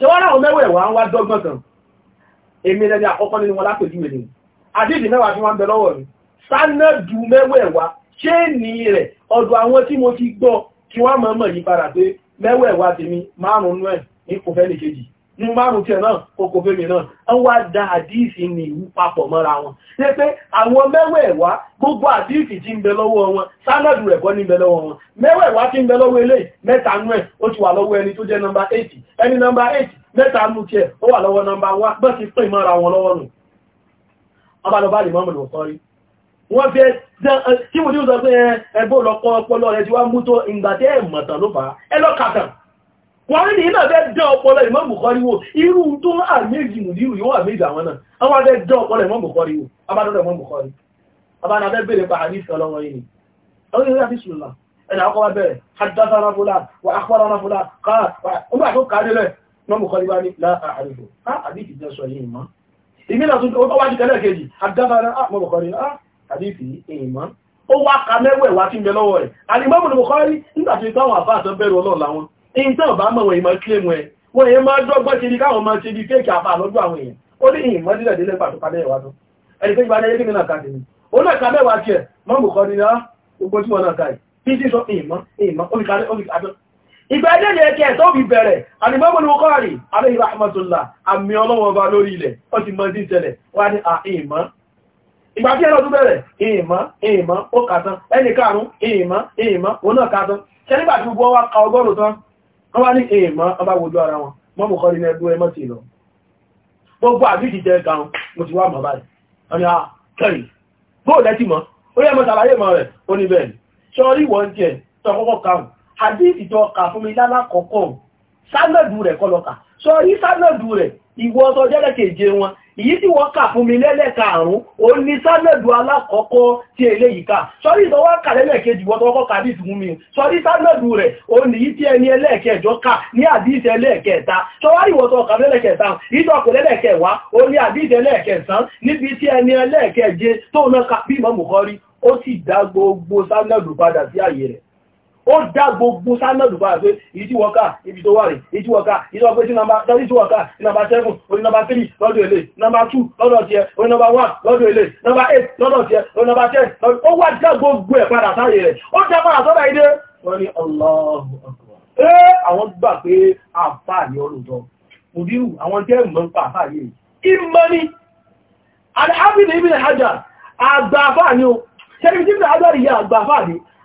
[SPEAKER 5] ṣe wọ́n ráhùn mẹ́wẹ̀ wà ń wá dọ́gbọ́n kan èmi lẹ́ni àkọ́kọ́ nínú wọn lápèjú mi ni àdíjì mẹ́wàá fi wá ń bẹ lọ́wọ́ mi sánàdù mẹ́wẹ̀ wá ṣé ní rẹ̀ ọ̀dọ̀ àwọn tí mo ti gbọ́ kí wọ́n mọ̀ mọ̀ yí padà pé mẹ́wẹ̀ wá tèmi márùn-ún ẹ̀ ní kò fẹ́ lè kejì ní márùn tí ẹ̀ náà kòkò fèmì náà ń wá da àdíìsì ní ìwú papọ̀ mọ́ra wọn ní pé àwọn mẹ́wẹ̀ẹ̀wá gbogbo àdíìsì tí ń bẹ lọ́wọ́ wọn sánàdù rẹ̀ kọ́ ní bẹ lọ́wọ́ wọn mẹ́wẹ̀ẹ̀wá tí ń bẹ lọ́wọ́ eléyìí mẹ́ta nú ẹ̀ ó ti wà lọ́wọ́ ẹni tó jẹ́ nọmba 8 ẹni nọmba 8 mẹ́ta nú tiẹ̀ ó wà lọ́wọ́ nọmba 1 bọ́ ti pín mọ́ra wọn lọ́wọ́ nù ọba lọ bá lè mọ́mù lọ sọ́rí wọ́n fẹ́ tí mo ní ó sọ pé ẹgbó lọ́kọ́ ọpọlọ rẹ̀ ti wá mú tó ìgbà tẹ́ ẹ̀mọ̀tàn ló wọ́n ní iná fẹ́ dán ọpọlọ Imam Bukhari wò irú tó àmẹ́jì mùdírù yóò àmẹ́jì àwọn náà àwọn adẹ́ dán ọpọlọ Imam Bukhari wò abádọ́dọ̀ Imam Bukhari abánabẹ́ bèèrè pa àdísì ọlọ́wọ́ yìí ọdún yóò yàtí sùn náà ẹ̀nà àkọ́wà bẹ̀rẹ̀ haddathana fulan wa akhbarana fulan qala ọgbà tó kàálẹ̀ lẹ̀ Imam Bukhari wá ní láàárínbò á àdísì jẹ́ sọ yìí mọ́ ìmìnà tó ó wá jìkẹ́lẹ̀ kejì haddathana ah, Imam Bukhari á àdísì ah, èyí mọ́ ó wá ka mẹ́wẹ̀ẹ́ wá tí ń bẹ lọ́wọ́ rẹ̀ àdìmọ́mù Bukhari nígbà tí táwọn àfáà tó bẹ̀rù ọlọ́ọ̀lá wọn in tó bá mọ̀ wọ̀n ìmọ̀ kílé mú ẹ wọ́n èyí máa dọ́gbọ́n ti di káwọn máa ṣe di fẹ́ẹ̀kì àpá lọ́dọ̀ àwọn èèyàn ó ní ìmọ̀ dídẹ̀ délẹ̀ pàtó padẹ́ ìwà tó ẹni tó ìbára yẹ́kí náà káàkiri ó náà ká mẹ́wàá tiẹ̀ mọ́ mú kọ́ nínú gbogbo tí wọ́n náà káì bí sí sọ ìmọ̀ ìmọ̀ olùkarí olùkarí ìgbà ẹjẹ́ ni ẹkẹ́ tó fi bẹ̀rẹ̀ àdìgbọ́mọ̀ ni ó kọ́ rí alayhi rahmatullah àmì ọlọ́wọ́ bá lórí ilẹ̀ ó ti mọ́ sí ìṣẹ̀lẹ̀ wá ní àìmọ́ ìgbà tí ẹlọ́dún bẹ̀rẹ̀ ìmọ̀ ìmọ̀ ó kàtán ẹnì karùn-ún ìmọ̀ ìmọ̀ òun náà kàtán ṣe nígbà tí gbogbo wa ka ọgọ́rùn-ún tán wọ́n wá ní èèmọ́ ọba wojú ara wọn mọ́ mú kọ́ ní ẹgbẹ́ ẹmọ́ ti lọ gbogbo àbíjì jẹ gan mo ti wá mọ̀ báyìí ọ̀nà kẹrì bóò lẹ́tì mọ́ ó yẹ mọ́ sàlàyé mọ́ rẹ̀ ó ní bẹ́ẹ̀ sọ́rí wọ́n jẹ tọ́ kọ́kọ́ kàrùn àdíjì tọ́ kà fún mi lálàkọ́kọ́ sánàdù rẹ̀ kọ́ lọ́kà sọ́rí sánàdù rẹ̀ ìwọ ọ̀tọ̀ jẹ́lẹ̀kẹ̀ẹ́ wọn ìyí tí wọ́n kà fún mi lẹ́lẹ́ka àrùn ó ní sánàdù alákọ̀ọ́kọ́ tí eléyìí ká sọ́rí ìdọ́wọ́ kà lẹ́lẹ́kejì wọ́n tọ́kọ́ kà bí ìfún mi sọ́rí sánàdù rẹ̀ ó ní yí tí ẹni ẹlẹ́ẹ̀kẹjọ ká ní àdíṣe ẹlẹ́ẹ̀kẹta sọ́wárí wọ́n tọ́kà lẹ́lẹ́kẹta ìdọ́kù lẹ́lẹ́kẹwàá ó ní ó dá gbogbo sáàmẹ́lù bá pé ìdí ibi tó wà rẹ̀ ìdí wọ́ká ìdí wọ́ká tẹ́lì tó wọ́ká nàmbà 7 orí nàmbà 3 lọ́dọ̀ èlé 2 lọ́dọ̀ tiẹ̀ orí nàmbà 1 lọ́dọ̀ èlé nàmbà 8 lọ́dọ̀ tiẹ̀ orí nàmbà 10 ó wá dá gbogbo ẹ̀ padà sáyé rẹ̀ ó dá padà sọ́dọ̀ ilé wọ́n Allahu àwọn gbà pé àfà ní ọlùtọ́ òdíwù àwọn tẹ́ mọ́ pa àfà yìí ìmọ́ ni àdáhábìnrin ìbìnrin àjà àgbà àfà ni ó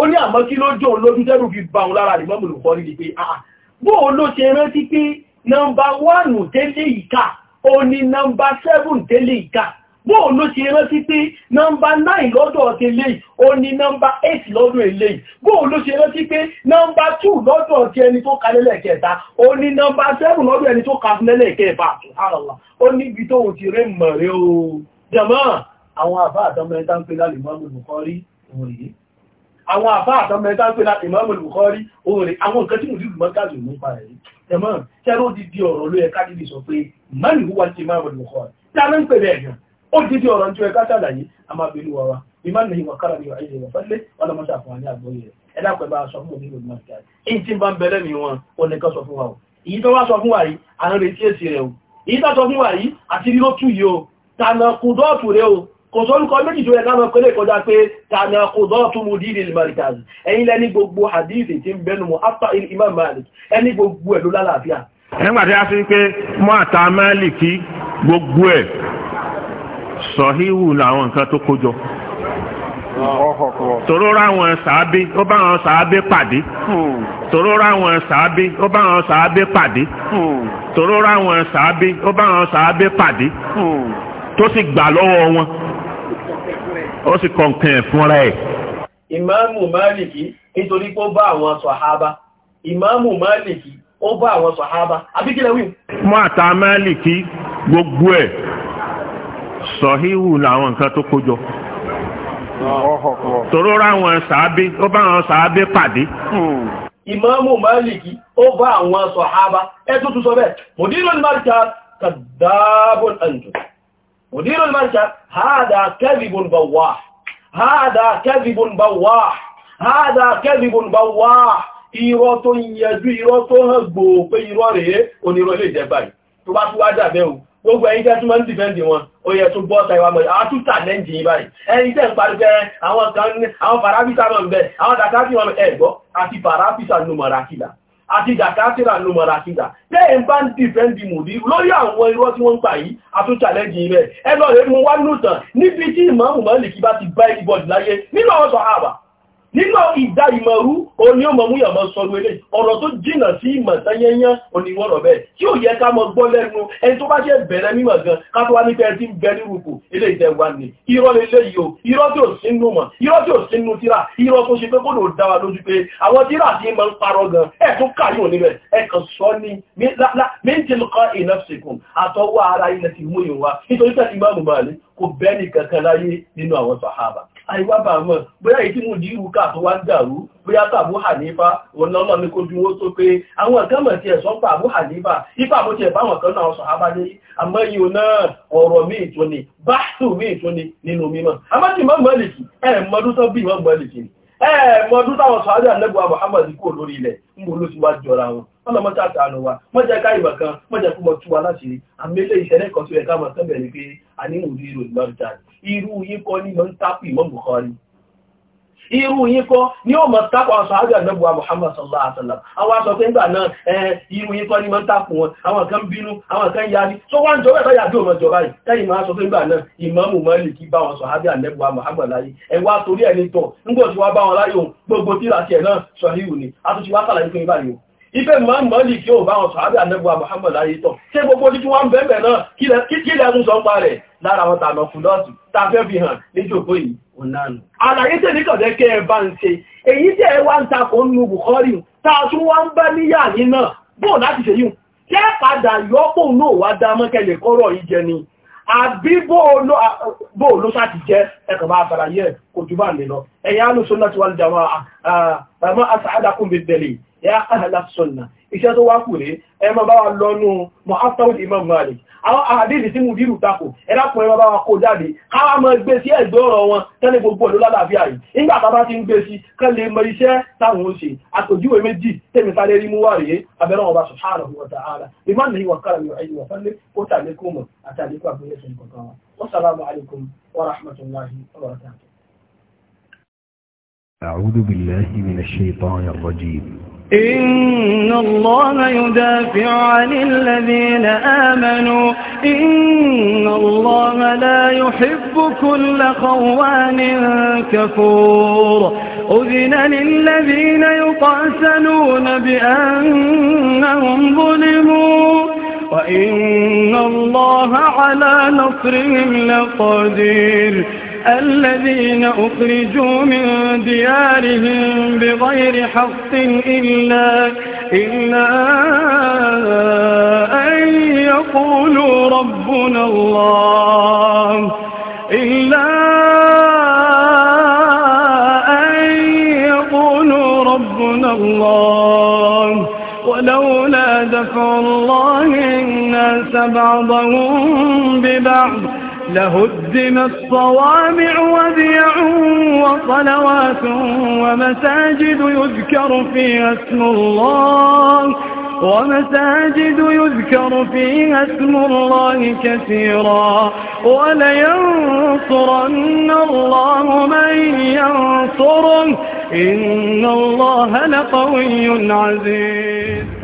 [SPEAKER 5] ó ní àmọ́ kí ló jọ lójú tẹ́rù fi bá òun lára ìmọ́mù lùkọ́ ní pé àà ah, ah, bó o ló ṣe rántí pé nọmba wánù tẹ́lẹ̀ ìka ó ní nọmba sẹ́fùn tẹ́lẹ̀ ìka bó o ló ṣe rántí pé nọmba náì lọ́dọ̀ tẹ́lẹ̀ ó ní nọmba eight lọ́dọ̀ eléyìí bó o ló ṣe rántí pé nọmba two lọ́dọ̀ ti ẹni tó ka lẹ́lẹ̀ kẹta ó ní nọmba sẹ́fùn lọ́dọ̀ ẹni tó ka lẹ́lẹ̀ kẹfà ó níbi tó o ti rẹ́ mọ̀rẹ́ o jẹ̀mọ́ àwọn àbá àtọmọ ẹ̀ta ń pe lálẹ́ mọ́mù lùkọ́ rí òun yìí àwọn àbá àtọ́mẹ́ta pé láti Imamul Bukhari orin rẹ̀ àwọn nǹkan tí mo dìbò mọ́kàlù nípa rẹ̀ ẹ̀mọ́ tẹ́rọ dídí ọ̀rọ̀ ló ẹ̀ká dídí sọ pé man huwa Imamul Bukhari tí a ń pè bẹ́ẹ̀ gan ó ọ̀rọ̀ tí ẹ̀ká sàlàyé a máa bẹ̀rù wa wa ìmáà nìyí wà kára ní wà ẹ̀yẹ wọ̀fẹ́lẹ́ ọlọ́mọṣà fún wa ní àgbọ̀yẹ rẹ̀ ẹ̀dá pẹ̀lú aṣọ fún òní ìlú mọ́kàlù èyí tí ń bá ń bẹ̀rẹ̀ mi rẹ̀ o èyí tó sọ fún kò tó ń kọ méjì tó ẹ̀ká mọ̀ pẹ́lẹ̀ kọjá pé tààna kò dọ́ tó mú dìdì marikaz ẹ̀yìn lẹ́ni gbogbo hadithi tí ń bẹnu mọ̀ after il imam malik ẹni gbogbo ẹ̀ ló lálàáfíà nígbàtí a fi pé
[SPEAKER 3] mọ́ àtà málìkì gbogbo ẹ̀ sọ̀híwù làwọn nǹkan tó kójọ tòró ráwọn sàábé ó bá wọn sàábé pàdé tòró ráwọn sàábé ó bá wọn sàábé pàdé tòró ráwọn sàábé ó bá wọn sàábé pàdé tó sì gbà lọ́wọ́ wọn. ó sì kọ̀ǹkan fúnra ẹ̀.
[SPEAKER 5] ìmáàmù máàlìkì nítorí pé bá àwọn sọ̀hábà ìmáàmù máàlìkì ó bá àwọn sọ̀hábà abíkílẹ̀
[SPEAKER 3] mọ́ gbogbo ẹ̀ sọ̀híhù làwọn nǹkan tó tòró ráwọn sàábé ó bá àwọn sàábé pàdé.
[SPEAKER 5] ìmáàmù máàlìkì ó bá àwọn sọ̀hábá ẹ tó tún sọ bẹ́ẹ̀ ní kàdáàbò مدير المنشأ هذا كذب بواح هذا كذب بواح هذا كذب بواح irọ́ tó yẹjú irọ́ tó hàn gbòó pé irọ́ rèé onírọ́ ilé ìjẹba yìí tó bá tún wá dàbẹ́ o gbogbo ẹ̀yin tẹ́ tún máa ń dìfẹ́ǹdì wọn ó yẹ tó bọ́ ta ìwà mọ̀ àtúntà lẹ́ǹdì yìí báyìí ẹ̀yin tẹ́ ń parí àwọn kan àwọn farafisa náà ń àwọn dàkátì wọn ẹ̀gbọ́ àti farafisa ló mọ̀ra àti ìdàkátìrà ló mọ̀ra kígbà tẹ́ ẹ̀ ń bá ń dìfẹ́ndì mùdí lórí àwọn irọ́ tí wọ́n ń pa yìí àtúntàlẹ́jì rẹ̀ ẹ lọ rẹ̀ mú wá nùtàn níbi tí ìmọ̀ mùmọ́ lè kí bá ti bá ìbọ̀dì láyé nínú àwọn sọ̀hábà nínú ìdá ìmọ̀rú oní ọmọmú yàmọ̀ sọ̀rọ̀ ilé ọ̀rọ̀ tó jìnà sí ìmọ̀ta yẹnyán oníwọ̀rọ̀ bẹ́ẹ̀ tí ó yẹ ká mọ gbọ́ lẹ́nu ẹni tó bá jẹ́ bẹ̀rẹ̀ mímọ̀ gan kátó wá ní pẹ́ tí ń bẹ nírúkù ilé ìtẹ̀wà ní irọ́ lélẹ́ yìí o irọ́ tí ò sínú mọ̀ irọ́ tí ò sínú tíra irọ́ tó ṣe pé kó lò dá àìwábà mọ̀ bóyá èyí tí mú di irú káàtó wá ń dàrú bóyá tàbú hànífà ọ̀nà ọlọ́mi kó bí wọ́n tó pé àwọn nǹkan mọ̀ tí ẹ̀sọ́ pa àbú hànífà ipa àbó tiẹ̀ báwọn kan náà sọ abájé àmọ́ yìí náà ọ̀rọ̀ míì tó ni báṣù míì tó ni nínú mímọ̀ mọdún táwọn sọ́ájú àlẹ́gbà Muhammad kò lórí ilẹ̀ ń bò ló ti wá jọra wọn ọlọ́mọdé àtàánù wa mọ́jẹ́ ká ìmọ̀ kan mọ́jẹ́ kó mọ tú láti rí àmìlẹ̀ ìṣẹ̀lẹ̀ kan tó yẹ ká mọ̀ sẹ́bẹ̀ ni pé a ní ìrù ìrù ìlọ́rìtà irú yíkọ́ ní mọ́ tápì mọ́ irú yín ni ní ọmọ tako àwọn àjọ àgbẹ̀bùwà Muhammad sallallahu alaihi wasallam àwọn aṣọ pé ń gbà náà irú yín kọ́ ní mọ́ tako wọn àwọn kan bínú àwọn kan yarí tó wá ń jọ Muhammad láyé ẹ wá torí ẹni tọ̀ nígbà tí wọ́n bá wọn láyé òun gbogbo tíra tiẹ̀ ibẹ̀ máa ń mọ́lì kí o bá wọn sọ̀hábí ànẹ́gbà Muhammad láyé tọ̀ ṣe gbogbo ní kí wọ́n bẹ̀rẹ̀ náà kí lẹ́nu sọ ń pa rẹ̀ lára wọn tànà fúlọ́ọ̀tù tàfẹ́ fi hàn ní jòkó yìí onánu àlàyé tẹ̀ níkọ̀dẹ́ kẹ́ ẹ bá ń ṣe èyí tẹ́ ẹ wá ń takò ń lu Bukhari tá a tún wá ń bá níyà yín náà bóò láti ṣe yìí kẹ́ padà àbí bóò sáti jẹ́ ẹkàn máa kò jù bá ẹ̀yà alùsọ́nà tí wà lè jàmọ́ àmọ́ àṣà àdàkùn bẹ̀rẹ̀ ya ahàlá sọ̀nà iṣẹ́ tó wá kùrẹ́ ẹmọ bá wa lọ́nú mọ̀háfáwùd imam malik àwọn àdìsí tí mú dírù takò ẹlápùn ẹmọ bá wa kó jáde káwà mọ́ gbé sí ẹ̀gbẹ́ ọ̀rọ̀ wọn tẹ́lẹ̀ gbogbo ọ̀dọ́ lálàáfíà yìí nígbà bàbá ti ń gbé sí kán lè mọ iṣẹ́ táwọn ṣe àtòjúwe méjì tẹ́mi sáré rí mú wà rèé abẹ́rẹ́ ọba
[SPEAKER 3] أعوذ بالله من الشيطان الرجيم
[SPEAKER 2] إن الله يدافع عن الذين آمنوا إن الله لا يحب كل خوان كفور أذن للذين يقاسلون بأنهم ظلموا وإن الله على نصرهم لقدير الذين أخرجوا من ديارهم بغير حق إلا, إلا أن يقولوا ربنا الله إلا أن يقولوا ربنا الله ولولا دفع الله الناس بعضهم ببعض لهدمت صوامع وبيع وصلوات ومساجد يذكر فيها اسم الله ومساجد يذكر فيها اسم الله كثيرا ولينصرن الله من ينصره إن الله لقوي عزيز